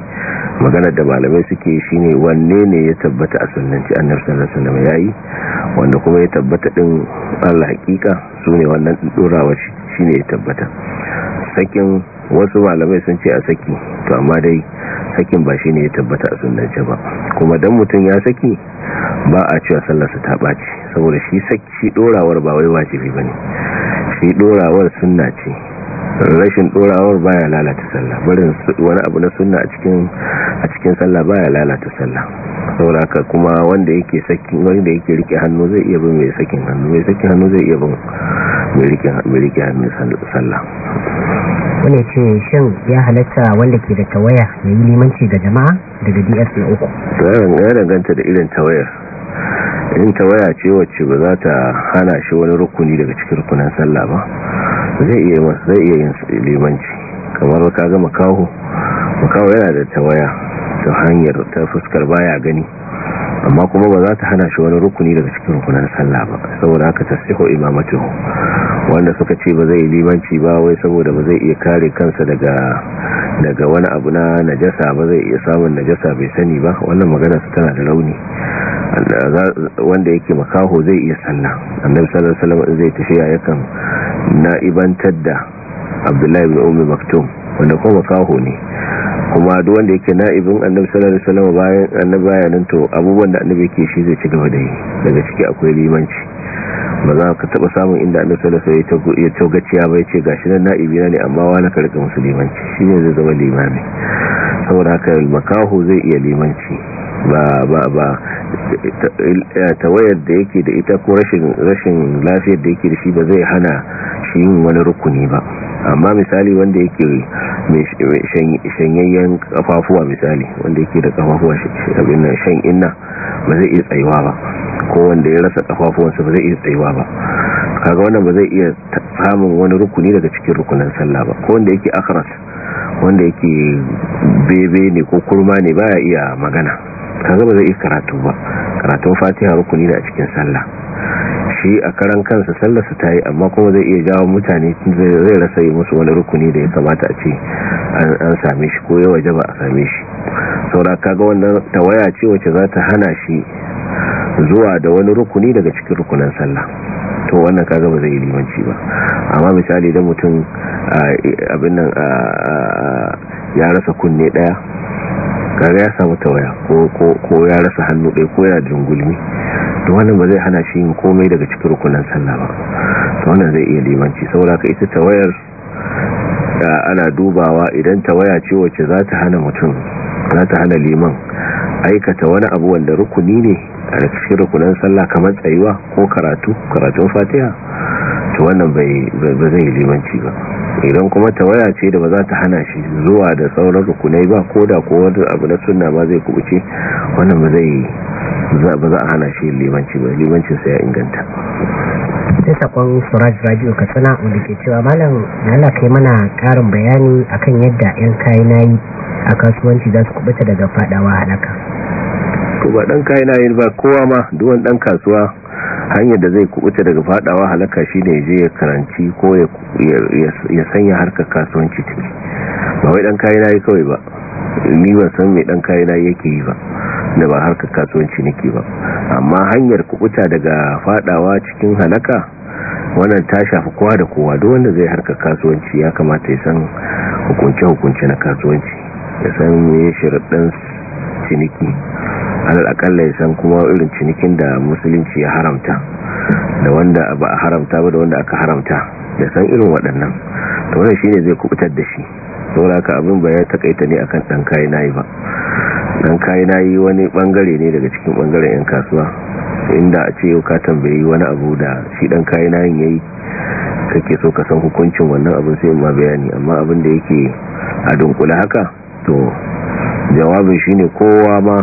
Speaker 3: maganar da malamai suke shi ne wanne ne ya tabbata a an annabi sallar sunan ya yi wanda kuma ya tabbata ɗin allah hakika su ne wannan ɗorawa shi ne ya tabbata sakin wasu malamai sun ce a saki to amma dai sakin ba shi ne ya tabbata a sunnanci ba kuma dan mutum ya saki ba a cewa sallarsa ta ɓaci saboda shi sakki ɗorawar ba wai wajibi ba ne shi ɗorawar suna ce rashin ɗorawar baya lalata sallah barin wani abu na suna a cikin a ba sallah baya lalata sallah saboda haka kuma wanda yake sakin wanda yake rike hannu zai iya bin mai sakin hannu mai sakin hannu zai iya bin mai rike hannu sallah
Speaker 2: wani ce shan ya halatta wanda ke da tawaya ya yi limanci ga jama'a daga na uku
Speaker 3: ya danganta da irin tawayar irin tawaya ce wacce ba za ta hana shi wani rukuni daga cikin rukunan sallah ba zai iya yin limanci kamar ka ga makaho makaho yana da tawaya ta hanyar ta fuskar baya gani amma kuma ba za ta hana shi wani rukuni daga cikin rukunan sallah ba saboda haka ta tasihu imamatu wanda suka ce ba zai limanci ba wai saboda ba zai iya kare kansa daga daga wani abu na najasa ba zai iya samun najasa bai sani ba wannan magana su tana da rauni wanda yake makaho zai iya sallah annabi sallallahu alaihi wasallam zai tafiya yakan na ibantar da Abdullahi ibn Ummi Maktum wanda kuma makaho ne kuma duk wanda yake na'ibin annabi sallallahu alaihi wasallam bayan annabi bayanin to abubuwan da annabi yake shi zai ci gaba da yi daga ciki akwai limanci ba za ka taba samun inda annabi sallallahu alaihi wasallam ya togaciya ba yace gashi nan na'ibi ne amma wani karka musulmanci shi ne zai zama limami saboda haka makaho zai iya limanci ba ba ba tawayar da yake da ita ko rashin rashin lafiyar da yake da shi ba zai hana shi yin wani rukuni ba amma misali wanda yake shanyayyen kafafuwa misali wanda yake da kafafuwa abin nan shan inna ba zai iya tsayuwa ba ko wanda ya rasa kafafuwansa ba zai iya tsayuwa ba kaga wannan ba zai iya samun wani rukuni daga cikin rukunan sallah ba ko wanda yake akras wanda yake bebe ne ko kurma ne baya iya magana kaga ba zai yi karatu ba karatun fatiha rukuni da a cikin sallah shi a karan kansa sallar su tayi amma kuma zai iya jawo mutane zai rasa yi musu wani rukuni da ya kamata a ce an same shi ko yawa jaba a same shi saura kaga wannan tawaya ce wacce za ta hana shi zuwa da wani rukuni daga cikin rukunan sallah to wannan kaga ba zai yi limanci ba amma misali da mutum abin nan ya rasa kunne daya kaga ya samu tawaya ko ya rasa hannu ɗaya ko ya jungulmi to wannan ba zai hana shi yin komai daga cikin rukunan sallah ba to wannan zai iya limanci saboda ka ita tawayar ana dubawa idan tawaya ce wacce za ta hana mutum za ta hana liman aikata wani abu wanda rukuni ne a cikin rukunan sallah kamar tsayuwa ko karatu karatun fatiha to wannan bai zai limanci ba idan kuma tawaya ce da ba za ta hana shi zuwa da sauran rukunai ba ko da ko wani abu na sunna ba zai kubuce wannan ba zai ba za a hana shi limanci ba limancin sai ya inganta
Speaker 2: sai sakon suraj radio katsina wanda ke cewa malam yana kai mana karin bayani akan yadda yan kayan yi a kasuwanci za su kubuta daga fadawa halaka
Speaker 3: ko ba dan ba kowa ma duwan dan kasuwa hanyar da zai kubuta daga fadawa halaka shine ya je ya karanci ko ya sanya harkar kasuwanci ciki ba wai dan na yi kawai ba ni ban san mai dan kayan yake yi ba da ba harkar kasuwanci nake ba amma hanyar kubuta daga fadawa cikin halaka wannan ta shafi kowa da kowa duk wanda zai harkar kasuwanci ya kamata ya san hukunce-hukunce na kasuwanci ya san me dan ciniki alal akalla ya san kuma irin cinikin da musulunci ya haramta da wanda ba a haramta ba da wanda aka haramta ya san irin waɗannan wani shi ne zai kubutar da shi saboda ka abin ba ya takaita ne akan ɗan kai nayi ba ɗan kai wani ɓangare ne daga cikin bangaren yan kasuwa inda a ce yau ka tambayi wani abu da shi ɗan kai nayin yayi kake so ka san hukuncin wannan abin sai ma bayani amma abin da yake a dunkula haka to jawabin shi ne kowa ma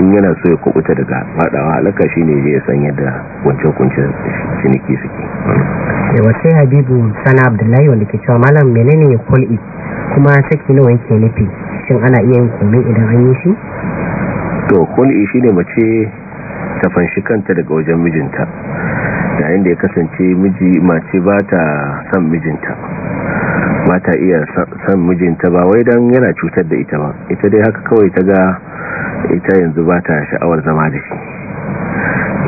Speaker 3: in yana so ya kubuta daga fadawa alaka shi ne zai sanya da kunce-kuncen
Speaker 2: ciniki suke da eh, wace habibu sana abdullahi wanda ke cewa malam menene kul'i kuma saki nawa yake nufi shin ana iya yin komai idan an yi shi
Speaker 3: to kul'i ne mace ta fanshi kanta daga wajen mijinta yayin da ya kasance miji mace ba ta san mijinta ba ta iya son mijinta ba wai don yana cutar da ita ba ita dai haka kawai ta ga ita yanzu ba ta sha'awar zama da shi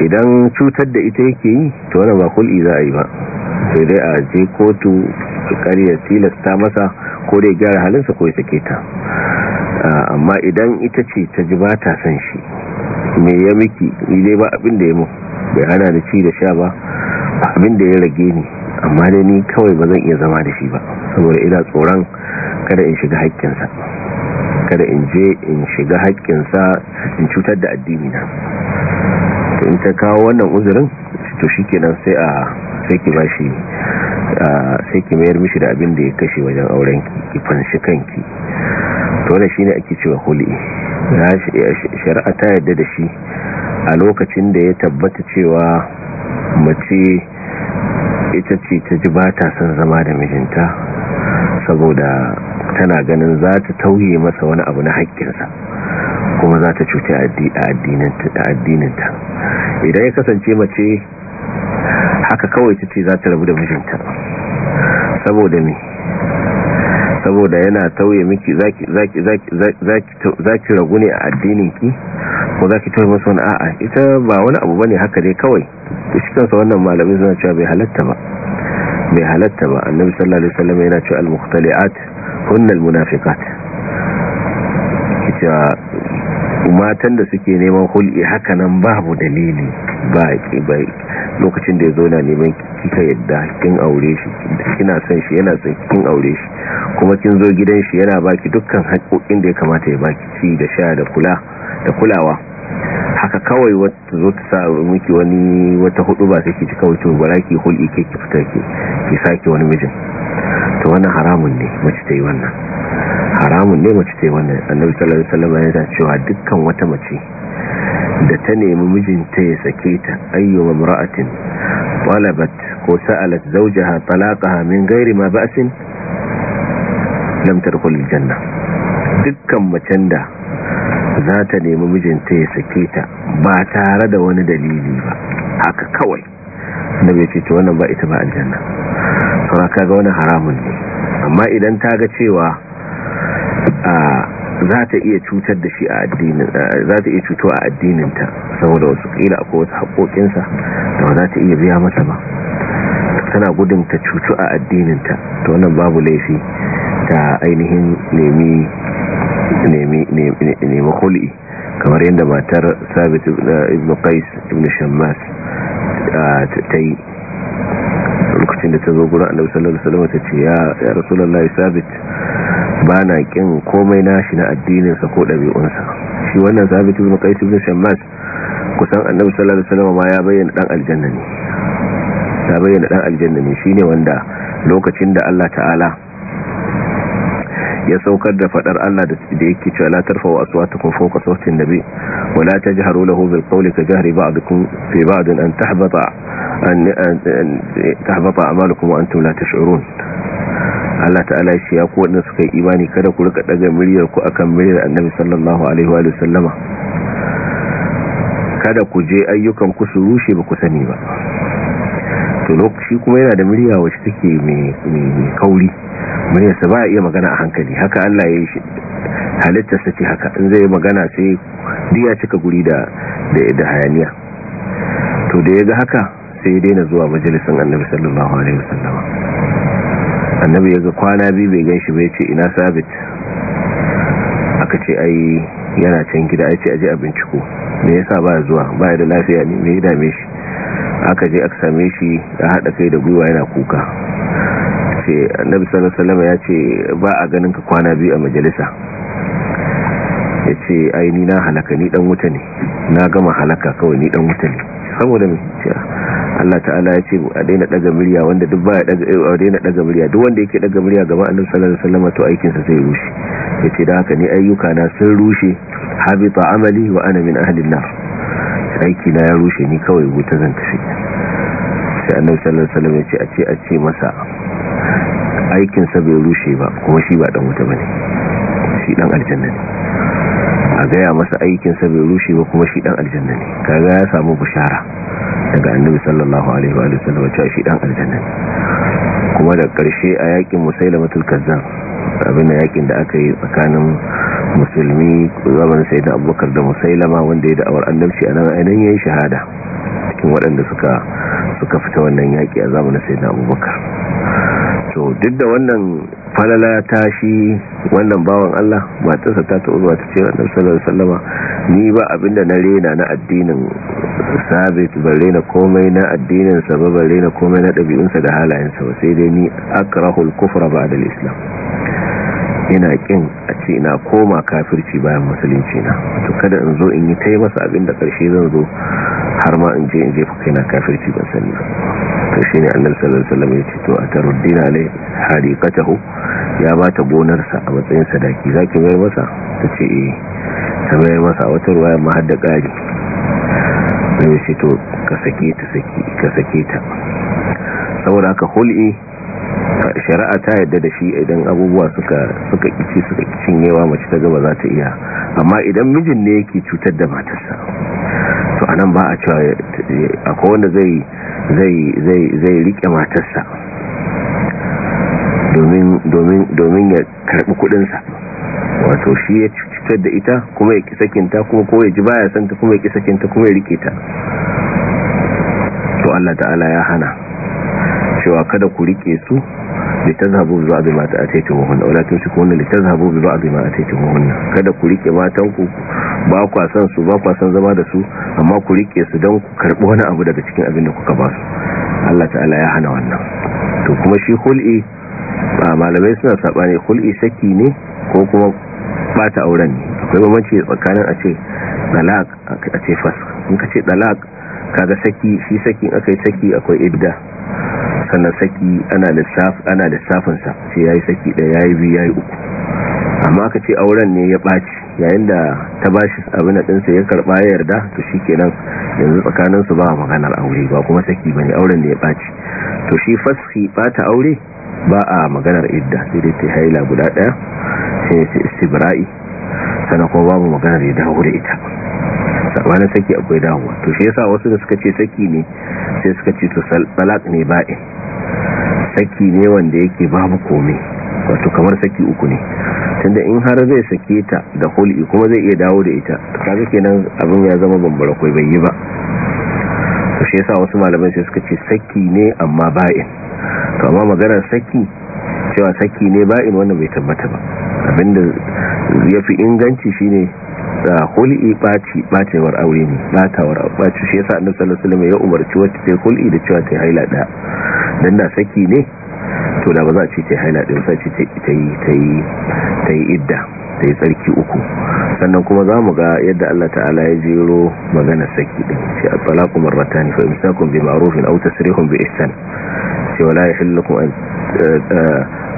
Speaker 3: idan cutar da ita yake yi to wadda ba kul'i za a yi ba sai dai a je kotu kariya tilasta masa ko dai gyara halinsa ko ya sake ta amma idan ita ce ta ji ba ta san shi me ya miki ni dai ba abin da ya mu bai hana da ci da sha ba abin da ya rage ni amma dai ni kawai ba zan iya zama da shi ba saboda ina tsoron kada in shiga haƙƙinsa kada in je in shiga haƙƙinsa in cutar da addini na to in ta kawo wannan uzurin to kenan sai a sai ki sai ki mayar mishi da abin da ya kashe wajen auren ki fanshi kanki to shi shine ake cewa huli shari'a ta yadda da shi a lokacin da ya tabbata cewa mace ita ce ta ji ba ta son zama da mijinta saboda tana ganin za ta tauye masa wani abu na haƙƙinsa kuma za ta cuta a addininta idan ya kasance mace haka kawai ta ce za ta rabu da mijinta saboda ne saboda yana tauye miki za ki ragu ne a addininki ko za ki tauye masa wani a'a ita ba wani abu ba ne haka dai kawai da shi kansa wannan malamin suna cewa bai halatta ba bai halatta ba annabi sallallahu alaihi wasallam yana cewa al-muqtali'at hunnal munafikat cewa matan da suke neman hul'i haka nan babu dalili ba bai lokacin da ya zo na neman kika yadda kin aure shi kina son shi yana son kin aure shi kuma kin zo gidan shi yana baki dukkan haƙoƙin da ya kamata ya baki ci da sha da kulawa haka kawai wata zo ta sa miki wani wata hudu ba sai ki ci kawai to bara ki hulɗi ke ki fita ki ki sake wani mijin to wannan haramun ne mace ta yi wannan haramun ne mace ta yi wannan annabi sallallahu alaihi wasallam cewa dukkan wata mace da ta nemi mijinta ya sake ta ayyuma mar'atin talabat ko sa'alat zawjaha talaqaha min ghairi ma ba'sin lam tadkhul janna dukkan macen da za ta nemi mijinta ya sake ta ba tare da wani dalili ba haka kawai Na bai ce wannan ba ita ba aljanna ka ga wani haramun ne amma idan ta ga cewa za ta iya cutar da shi a addinin za ta iya cuto a addininta saboda wasu kila akwai wasu haƙoƙinsa da ba za ta iya biya masa ba tana gudun ta cutu a addininta to wannan babu laifi ta ainihin nemi nemi hul'i kamar yadda matar sabit ibn qais ibn shammas ah, ta yi lokacin da ta zo gurin annabi sallallahu alaihi wasallam ta ce ya ya rasulullahi sabit na kin komai nashi na addinin sa ko dabi'unsa shi wannan sabit ibn qais ibn shammas kusan annabi sallallahu alaihi wasallam ma ya bayyana dan aljanna ne ya bayyana dan aljanna ne shine wanda lokacin da Allah ta'ala ya saukar da fadar Allah da yake cewa la tarfa'u aswatakum fawqa sawti an-nabi wa la tajharu lahu bil qawli ka jahri ba'dikum fi ba'din an tahbata an tahbata a'malukum wa antum la tash'urun Allah ta'ala shi ya ku wadanda suka yi imani kada ku rika daga miryar ku akan miryar Annabi sallallahu alaihi wa sallama kada ku je ayyukan ku su rushe ba ku sani ba to lokaci kuma yana da murya wacce take mai kauri muryarsa ba iya magana a hankali haka Allah ya yi shi halittarsa ce haka in zai magana sai diya cika guri da da hayaniya to da ya ga haka sai ya daina zuwa majalisin annabi sallallahu alaihi wasallam annabi ya ga kwana biyu bai gan shi bai ce ina sabit aka ce ai yana can gida ai ce aje a binciko me yasa ba zuwa ba da lafiya ne me ya dame shi aka je aka same shi ya hada kai da gwiwa yana kuka ce annabi sallallahu alaihi wasallam ya ce ba a ganin ka kwana biyu a majalisa ya ce aini na halaka ni dan wuta ne na gama halaka kawai ni dan wuta ne saboda me Allah ta'ala ya ce a daina daga murya wanda duk ya daga eh, a daina daga murya duk wanda yake daga murya gaba annabi sallallahu alaihi wasallam to aikin sa zai rushe yace da haka ni ayyuka na sun rushe habita amali wa ana min ahli nar aiki na ya rushe ni kawai wuta zan tafi sai annabi sallallahu alaihi wasallam ya ce a ce a ce masa aikinsa bai rushe ba kuma shi ba dan wuta bane shi dan aljanna ne a gaya masa aikinsa bai rushe ba kuma shi dan aljanna ne kaga ya samu bishara daga annabi sallallahu alaihi wa sallam cewa shi dan aljanna ne kuma da karshe a yakin musailamatul kazzab abin da yakin da aka yi tsakanin musulmi zaman sai da abubakar da musailama wanda ya da'awar annabci a nan ainihin ya yi shahada cikin waɗanda suka suka fita wannan yaƙi a zamanin sai da abubakar to duk da wannan falala ta shi wannan bawan Allah matarsa ta ta'uzuwa ta ce wannan sallallahu salama ni ba abinda na rena na addinin sabit ba rena komai na addinin sa ba rena komai na ɗabi'unsa da halayensa ba sai dai ni akrahul kufra ba da islam ina kin a ce na koma kafirci bayan musulunci na to kada in zo in yi ta yi masa abin da ƙarshe zan zo har ma in je in je jefa na kafirci ban sani ba to shi ne annal alaihi ya ce to a ataruddina ne hadiqatahu ya ba ta gonarsa a matsayin sadaki za ki mai masa ce eh ta mai masa wata ruwaya ma har da kari ce shi to ka sake ta saboda haka hul'i shari'a ta yadda da shi idan abubuwa suka kici suka cinyewa mace ta gaba za ta iya amma idan mijin ne yake cutar da matarsa a nan ba a cewa akwai wanda zai rike matarsa domin ya karbi sa wato shi ya cutar da ita kuma ya kisakin sakinta kuma ko ya ji baya ta kuma ya kisakin sakinta kuma ya rike ta to Allah ta'ala ya hana cewa kada ku rike su litazhabu bi ba'd ma ataytumuhunna wala tumsikunna litazhabu bi ba'd ma ataytumuhunna kada ku rike matan ku ba ku san su ba ku san zama da su amma ku rike su dan ku karbi wani abu daga cikin abin da kuka ba su Allah ta'ala ya hana wannan to kuma shi hul'i ba malamai suna sabani hul'i saki ne ko kuma bata auren ne akwai bambanci tsakanin a ce dalaq a ce fas in ka ce dalaq kaga saki shi saki akai saki akwai idda sannan saki ana lissaf ana lissafin sa ce yayi saki da yayi biyu yayi uku amma ka ce auren ne ya baci yayin da ta bashi abin din sa ya karba ya yarda to shikenan yanzu tsakanin su ba maganar aure ba kuma saki bane auren ne ya baci to shi faski bata aure ba a maganar idda sai dai ta haila guda daya sai ta istibra'i sannan kuma babu maganar idda aure ita sabanin saki akwai damuwa to shi yasa wasu da suka ce saki ne sai suka ce to salat ne ba'i saki ne wanda yake babu komai wato kamar saki uku ne tunda in har zai sake ta da hul'i kuma zai iya dawo da ita kaga kenan abin ya zama bambara kai bai yi ba to shi yasa wasu malamai sai suka ce saki ne amma ba'in to amma maganar saki cewa saki ne ba'in wannan bai tabbata ba abinda ya fi inganci shine hul'i baci bacewar aure ne batawar baci shi yasa annabi sallallahu alaihi wasallam ya umarci wacce ta hul'i da cewa ta haila da dan da saki ne to da ba za a ce ta haila da sai ce ta yi ta yi ta yi idda ta yi tsarki uku sannan kuma za mu ga yadda Allah ta'ala ya jero magana saki din shi at-talaqu marratan fa imsakun bi ma'ruf aw tasrihun bi ihsan shi wala yahillu lakum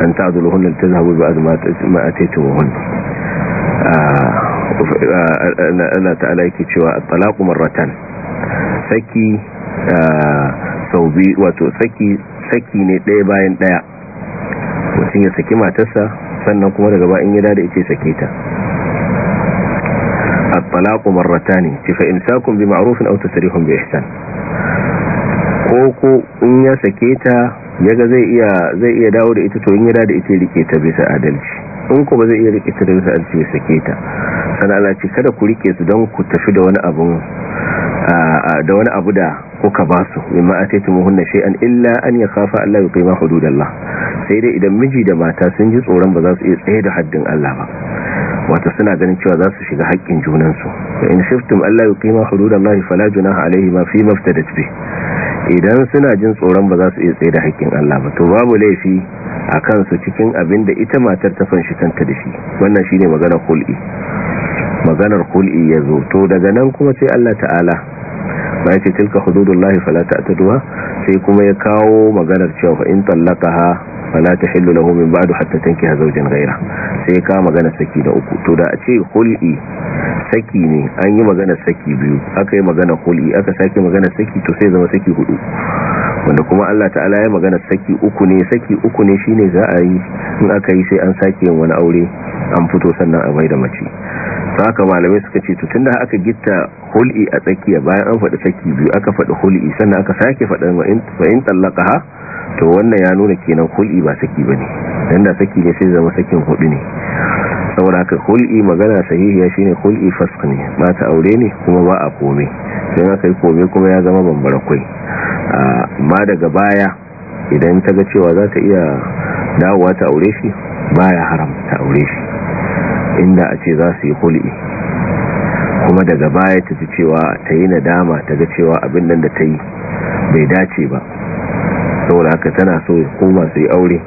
Speaker 3: an ta'duluhunna tazhabu bi azma ma ataytumuhunna ah, Allah ta'ala yake cewa talaqu marratan saki sau biyu wato saki saki ne ɗaya bayan ɗaya mutum ya saki matarsa sannan kuma daga ba in ya dada ita sake ta at-talaqu marratan fa imsakun bi ma'ruf aw tasrihum bi ihsan ko ko in ya sake ta yaga zai iya zai iya dawo da ita to in ya dada ita rike ta bisa adalci in ku ba zai iya rike ta daga sa'ad ce sake ta sannan ce kada ku rike su don ku tafi da wani abu da wani abu da kuka ba su mimma muhunna hunna shay'an illa an ya kafa Allah yuqima Allah sai dai idan miji da mata sun ji tsoron ba za su iya tsaye da haddin Allah ba wato suna ganin cewa za su shiga haƙƙin junansu fa in shiftum alla yuqima hududallahi fala junaha alayhi ma fi da bi idan suna jin tsoron ba za su iya tsaye da haƙƙin Allah ba to babu laifi a kansu cikin abin da ita matar ta fanshi kanta da shi wannan shine maganar kul'i maganar kul'i zo to daga nan kuma sai Allah ta'ala ba ce tilka hududullahi ta ta'taduha sai kuma ya kawo maganar cewa in tallaqaha fala tahillu lahu min ba'du hatta tankiha zawjan ghayra sai ka magana saki da uku to da a ce hul'i saki ne an yi magana saki biyu aka yi magana hul'i aka saki magana saki to sai zama saki hudu wanda kuma Allah ta'ala ya magana saki uku ne saki uku ne shine za a yi in aka yi sai an sake yin wani aure an fito sannan a bai da mace saka malamai suka ce to tunda aka gitta hul'i a tsakiya bayan an faɗi saki biyu aka faɗi hul'i sannan aka sake faɗin wa in tallaqaha to wannan ya nuna kenan hul'i ba saki bane don da saki ne sai zama sakin hudu ne saboda haka hul'i magana sahihiya shine hul'i fasq ne ta aure ne kuma ba a kome don haka yi kome kuma ya zama bambara kwai. amma daga baya idan ta ga cewa za ta iya dawowa ta aure shi baya ta aure shi inda a ce za su yi hul'i kuma daga baya ta ji cewa ta yi nadama ta ga cewa abin nan da ta yi bai dace ba saboda haka tana so ya koma su yi aure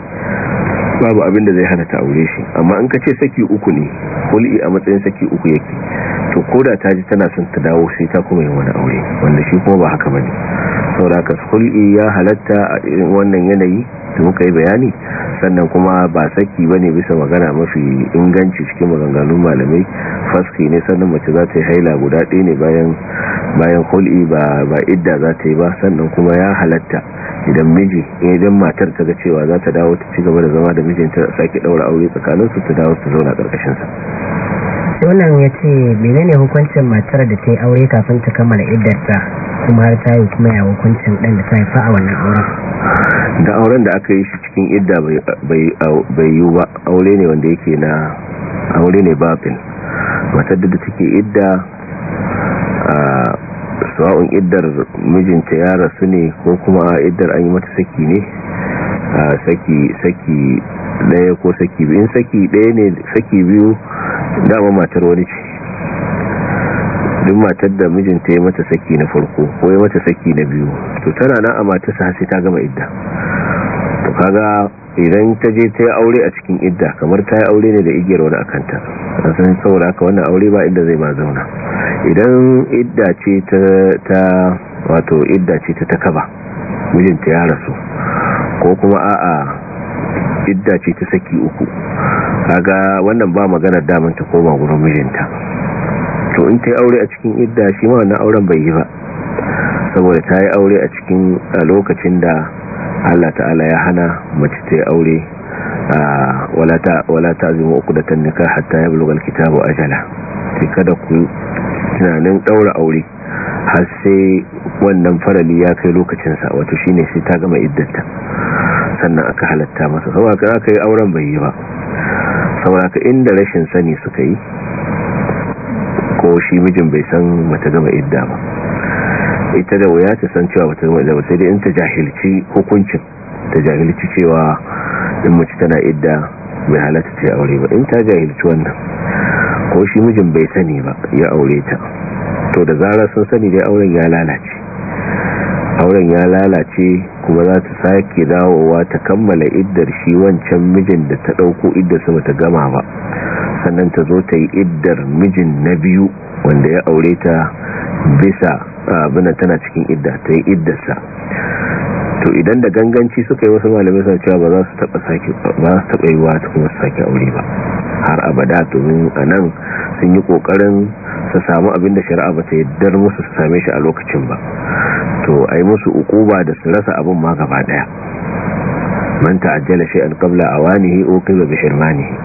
Speaker 3: babu abin da zai hana ta aure shi amma in ka ce saki uku ne hul'i a matsayin saki uku yake to koda ta ji tana son ta dawo sai ta kuma yi wani aure wanda shi kuma ba haka bane sauraka hul'i ya halatta a irin wannan yanayi da muka yi bayani sannan kuma ba saki ba ne bisa magana mafi inganci cikin maganganun malamai faski ne sannan mace za ta yi haila guda ɗaya ne bayan hul'i ba idda za ta yi ba sannan kuma ya halatta idan miji idan matar ta ga cewa za ta dawo ta ci gaba da zama da mijinta sake ɗaura aure tsakaninsu ta dawo ta zauna ƙarƙashinsa
Speaker 2: sai wannan ya ce menene hukuncin matar da ta yi aure kafin ta kammala iddarta kuma har ta yi kuma ya hukuncin ɗan da ta haifa a wannan auren
Speaker 3: da auren da aka yi shi cikin idda bai yi ba aure ne wanda yake na aure ne babin matar da take idda a sawa'un iddar mijinta ya rasu ne ko kuma iddar an yi mata saki ne saki saki daya ko saki biyu saki daya ne saki biyu dama matar wani ce duk matar da mijinta ya mata saki na farko ko ya mata saki na biyu to tana nan a matarsa sai ta gama idda to kaga idan ta je ta yi aure a cikin idda kamar ta yi aure ne da igiyar wani akanta a san saboda haka wannan aure ba inda zai ma zauna idan idda ce ta wato idda ce ta kaba mijinta ya rasu ko kuma a'a idda ce ta saki uku kaga wannan ba magana damar ta koma gurin mijinta to in ta aure a cikin idda shi ma wannan auren bai yi ba saboda ta yi aure a cikin lokacin da Allah ta'ala ya hana mace ta yi aure wala ta zuwa uku da tannika hatta ya bulgar kitabu ajala sai kada ku tunanin daura aure har sai wannan farali ya kai lokacinsa wato shine sai ta gama iddata sannan aka halatta masa sau aka yi auren bai yi ba sau inda rashin sani suka yi ko shi mijin bai san mata gama idda ba ita da wuya ta san cewa mata gama idda ba sai dai in ta jahilci hukuncin ta jahilci cewa in mace tana idda bai halatta ce aure ba in ta jahilci wannan ko shi mijin bai sani ba ya aure ta to da zarar sun sani dai auren ya lalace auren ya lalace kuma za ta sake dawowa ta kammala iddar shi wancan mijin da ta dauko iddarsa su mata gama ba sannan ta zo ta yi iddar mijin na biyu wanda ya aure ta bisa abinan tana cikin idda ta yi iddarsa to idan da ganganci suka yi wasu malamai sa cewa ba za su taba yi wata kuma sake aure ba har abada domin a nan sun yi kokarin su samu abin da shari'a ba ta yaddar musu su same shi a lokacin ba to a yi musu ukuba da su rasa abin ma gaba daya man ta'ajjala shay'an qabla awanihi uqiba bi hirmanihi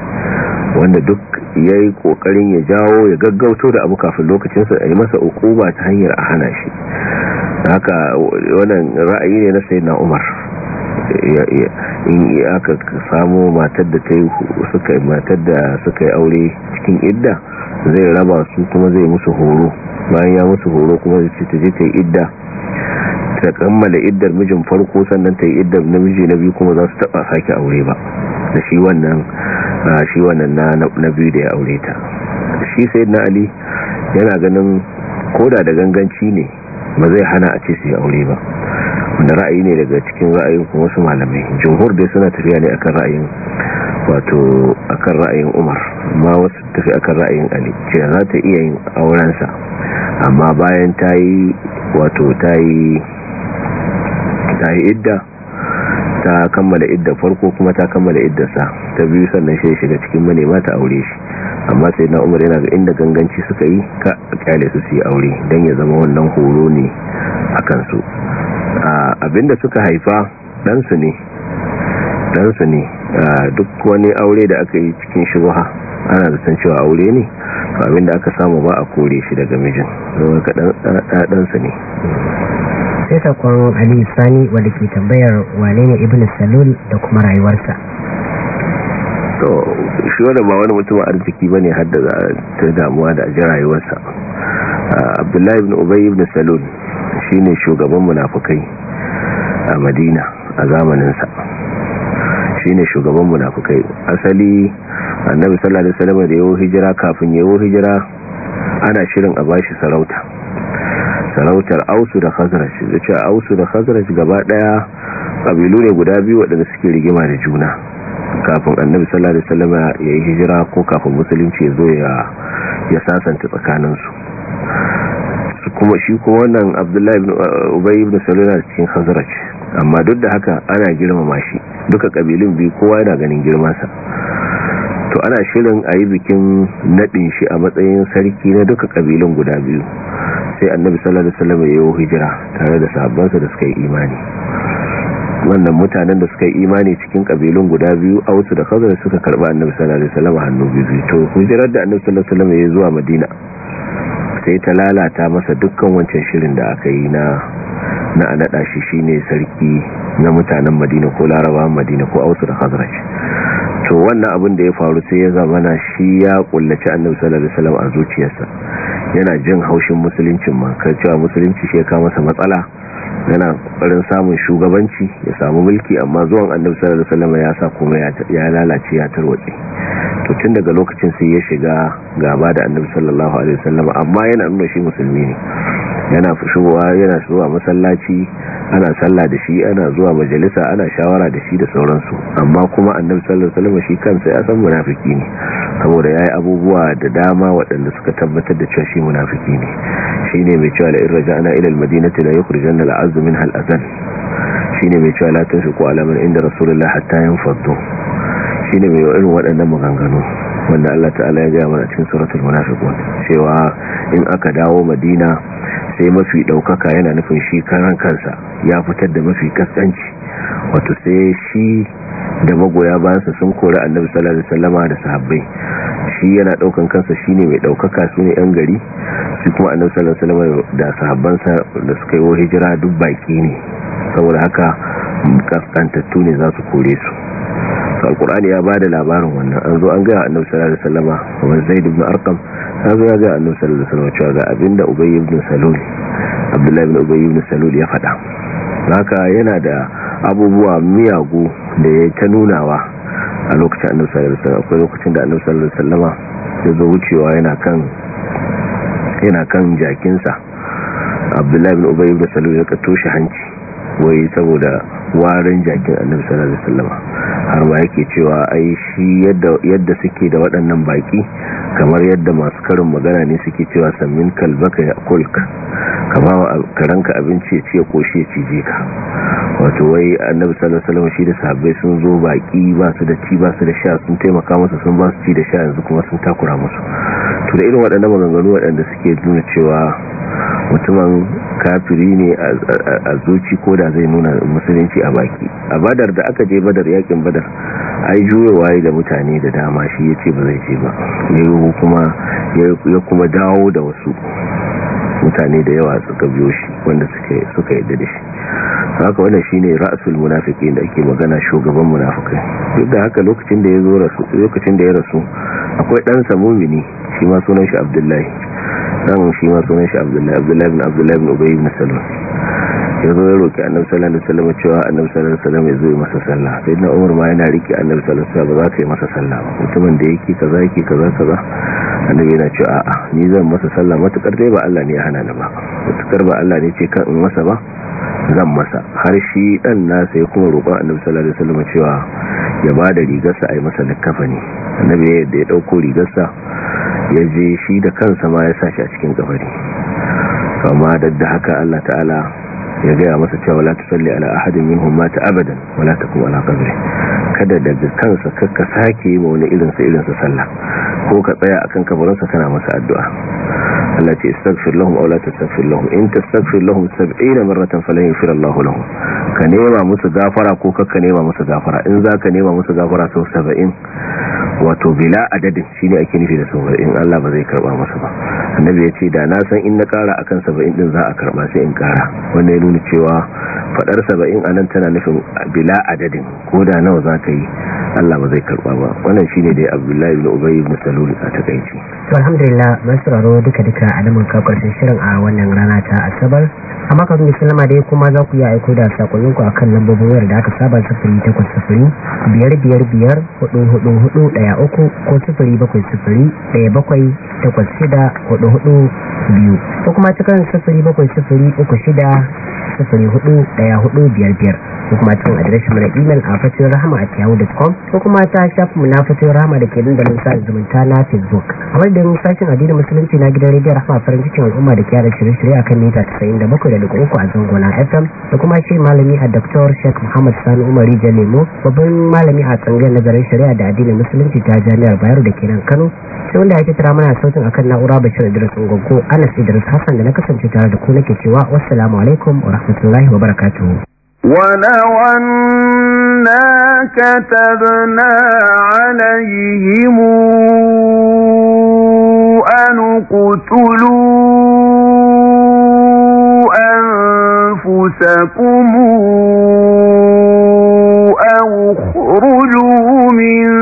Speaker 3: wanda duk yayi kokarin ya jawo ya gaggauto da abu kafin lokacin sa yi masa ukuba ta hanyar a hana shi haka wannan ra'ayi ne na sayyidina Umar in aka samu matar da ta yi matar da suka yi aure cikin idda zai raba su kuma zai musu horo bayan ya musu horo kuma zai ce ta je ta yi idda ta kammala iddar mijin farko sannan ta yi iddar namiji na biyu kuma za su taba sake aure ba da shi wannan shi wannan na biyu da ya aure ta shi sai na ali yana ganin koda da ganganci ne ba zai hana a ce su yi aure ba wanda ra'ayi ne daga cikin ra'ayin kuma wasu malamai jumhur dai suna tafiya ne akan ra'ayin wato akan ra'ayin umar amma wasu tafi akan ra'ayin ali cewa za ta iya yin aurensa amma bayan ta yi wato ta yi ta idda ta kammala idda farko kuma ta kammala iddarsa ta biyu sannan shi shiga cikin manema ta aure shi amma sai na umar yana ga inda ganganci suka yi ka kyale su su yi aure don ya zama wannan horo ne a kansu ah, abinda suka haifa ɗansu ne ɗansu ne duk wani aure da aka yi cikin shubha ana da san cewa aure ne abin da aka samu ba a kore shi daga mijin zuwa ka ɗaɗansa ne
Speaker 2: sai sakon Ali sani wadda ke tambayar wane ne ibn salul da kuma rayuwarsa
Speaker 3: to shi wadda ba wani mutum arziki za a ta damuwa da ajiyar rayuwarsa abdullahi ibn ubay ibn salul ne shugaban munafukai a madina a zamaninsa shine shugaban munafikai asali annabi sallallahu alaihi wasallam da yau hijira kafin yau hijira ana shirin a bashi sarauta sarautar ausu da khazraj zace ausu da khazraj gaba daya kabilu ne guda biyu waɗanda suke rigima da juna kafin annabi sallallahu alaihi wasallam ya yi hijira ko kafin musulunci ya zo ya ya sasanta tsakaninsu kuma shi kuma wannan abdullahi ibn uh, ubay ibn salula cikin khazraj amma duk da haka ana girmama shi duka kabilun biyu kowa yana ganin girmansa to ana shirin a yi bikin naɗin shi a matsayin sarki na duka kabilun guda biyu sai annabi sallallahu alaihi wasallam ya yi hijira tare da sahabbansa da suka yi imani wannan mutanen da suka yi imani cikin kabilun guda biyu a wasu da kazar suka karba annabi sallallahu alaihi wasallam hannu biyu to hijirar da annabi sallallahu alaihi wasallam ya zuwa madina sai ta lalata masa dukkan wancan shirin da aka yi na na a naɗa shi ne sarki na mutanen madina ko larawa madina ko ausu da khazraj to wannan abin da ya faru sai ya zamana shi ya ƙullaci annabi sallallahu alaihi a zuciyarsa yana jin haushin musuluncin ma cewa musulunci shi ya kawo masa matsala yana karin samun shugabanci ya samu mulki amma zuwan annabi sallallahu alaihi wasallam ya sa kuma ya lalace ya tarwatse to tun daga lokacin sai ya shiga gaba da annabi sallallahu alaihi wasallam amma yana nuna shi musulmi ne yana fushuwa yana zuwa masallaci ana sallah da shi ana zuwa majalisa ana shawara da shi da sauransu amma kuma annabi sallallahu alaihi wasallam shi kansa ya san munafiki ne saboda yayi abubuwa da dama waɗanda suka tabbatar da cewa shi munafiki ne shine mai cewa la'in raja'ana ila al-madinati la yukhrijanna al-azzu minha al-azan shine mai cewa la tunfiqu ala inda rasulullah hatta yanfaddu shine mai irin waɗannan maganganu wanda Allah ta'ala ya gaya mana cikin suratul munafiqun cewa in aka dawo madina sai mafi daukaka yana nufin shi karan kansa ya fitar da mafi kaskanci wato sai shi da magoya bayansa sun kori annabi sallallahu alaihi wasallama da sahabbai shi yana daukan kansa shine mai daukaka su ne yan gari shi kuma annabi sallallahu alaihi wasallama da sahabbansa da suka yi hijira duk baki ne saboda haka kaskantattu ne za su kore su alqur'ani ya bada labarin wannan an zo an ga annabi sallallahu alaihi wasallama kamar zaid ibn arqam an zo ya ga annabi sallallahu alaihi wasallama cewa ga abinda ubay ibn salul abdullahi ibn ubay ibn salul ya fada haka yana da abubuwa miyagu da ya ta nunawa a lokacin annabu sallallahu alaihi wasallam akwai lokacin da annabu sallallahu alaihi wasallama ya zo wucewa yana kan yana kan jakinsa abdullahi bin ubay da salul ya kato shi hanci wai saboda warin jakin annabi sallallahu alaihi wasallam har ma yake cewa ai shi yadda yadda suke da waɗannan baki kamar yadda masu karin magana ne suke cewa samin kalbaka ya kulka kama wa karanka abinci ce ko shi ya cije ka wato wai annabi sallallahu alaihi wasallam shi da sahabbai sun zo baki ba su da ci ba su da sha sun taimaka musu sun ba su ci da sha yanzu kuma sun takura musu to da irin waɗannan maganganu waɗanda suke nuna cewa mutumin kafiri ne a zuci ko da zai nuna musulunci a baki a badar da aka je badar yakin badar ai waye da mutane da dama shi ya ce ba zai ce ba ya kuma dawo da wasu mutane da yawa suka biyo shi wanda suka yadda da shi haka wanda shine ra'sul munafiqin da ake magana shugaban munafikai duk da haka lokacin da ya zo rasu lokacin da ya rasu akwai dan sa shi ma sunan shi Abdullahi dan shi ma sunan shi Abdullahi Abdullahi ibn Abdullahi ibn Ubay ibn Salul ya zo ya roƙi annabi sallallahu alaihi wasallam cewa annabi sallallahu alaihi wasallam ya zo masa sallah sai na umar ma yana riki annabi sallallahu alaihi wasallam ba za ka yi masa sallah ba mutumin da yake kaza yake kaza kaza annabi yana cewa a'a ni zan masa sallah matukar dai ba Allah ne ya hana ni ba matukar ba Allah ne ce kan in masa ba zan masa har shi dan nasa ya kuma roƙon annabi sallallahu alaihi wasallam cewa ya ba da rigarsa a yi masa ne annabi da ya dauko rigarsa ya je shi da kansa ma ya sashi a cikin kafari amma da haka Allah ta'ala ya gaya masa cewa la tusalli ala ahadin minhum mata abadan wala kuma ala qabri kada daga kansa kakka sake yi wani irin sa irin sa sallah ko ka tsaya akan kabarin sa kana masa addu'a Allah ce istaghfir lahum aw la tastaghfir lahum in tastaghfir lahum 70 marratan falan yaghfir Allah lahum ka nema musu gafara ko kakka nema musu gafara in zaka nema musu gafara sau 70 wato bila adadin shine ake nufi da sau in Allah ba zai karba masa ba annabi ya ce da na san in na kara akan 70 din za a karba sai in kara wannan nuna cewa fadar saba'in a nan tana nufin bila adadin ko da nawa za ka yi allah ba zai karba ba wannan shi ne dai abdullahi bin ubayi bin a takaici
Speaker 2: to alhamdulillah sauraro duka duka a namun shirin a wannan rana ta asabar amma da sallama dai kuma za ku yi aiko da sakonninku kan lambobin wayar da aka saba sufuri takwas sufuri biyar biyar biyar hudu biyar ko kuma cikin adireshin mana imel a fatin rahama a kwan ko kuma ta shafi mu na fashin rahama da ke dandalin sa zumunta na facebook a wadda sashen adini musulunci na gidan rediyar rahama farin cikin al'umma da kyara shirye-shirye da mita uku a zangona fm da kuma shi malami a dr sheikh muhammad sani umar rija lemo babban malami a tsangiyar nazarin shari'a da adini musulunci ta jami'ar bayar da ke nan kano sai wanda ya tattara mana sautin akan na'ura bashir idris ungwaggo anas idris hassan da na kasance tare da ku na ke cewa wassalamu alaikum wa ورحمة الله وبركاته
Speaker 1: ولو أنا كتبنا عليهم أن اقتلوا أنفسكم أو اخرجوا من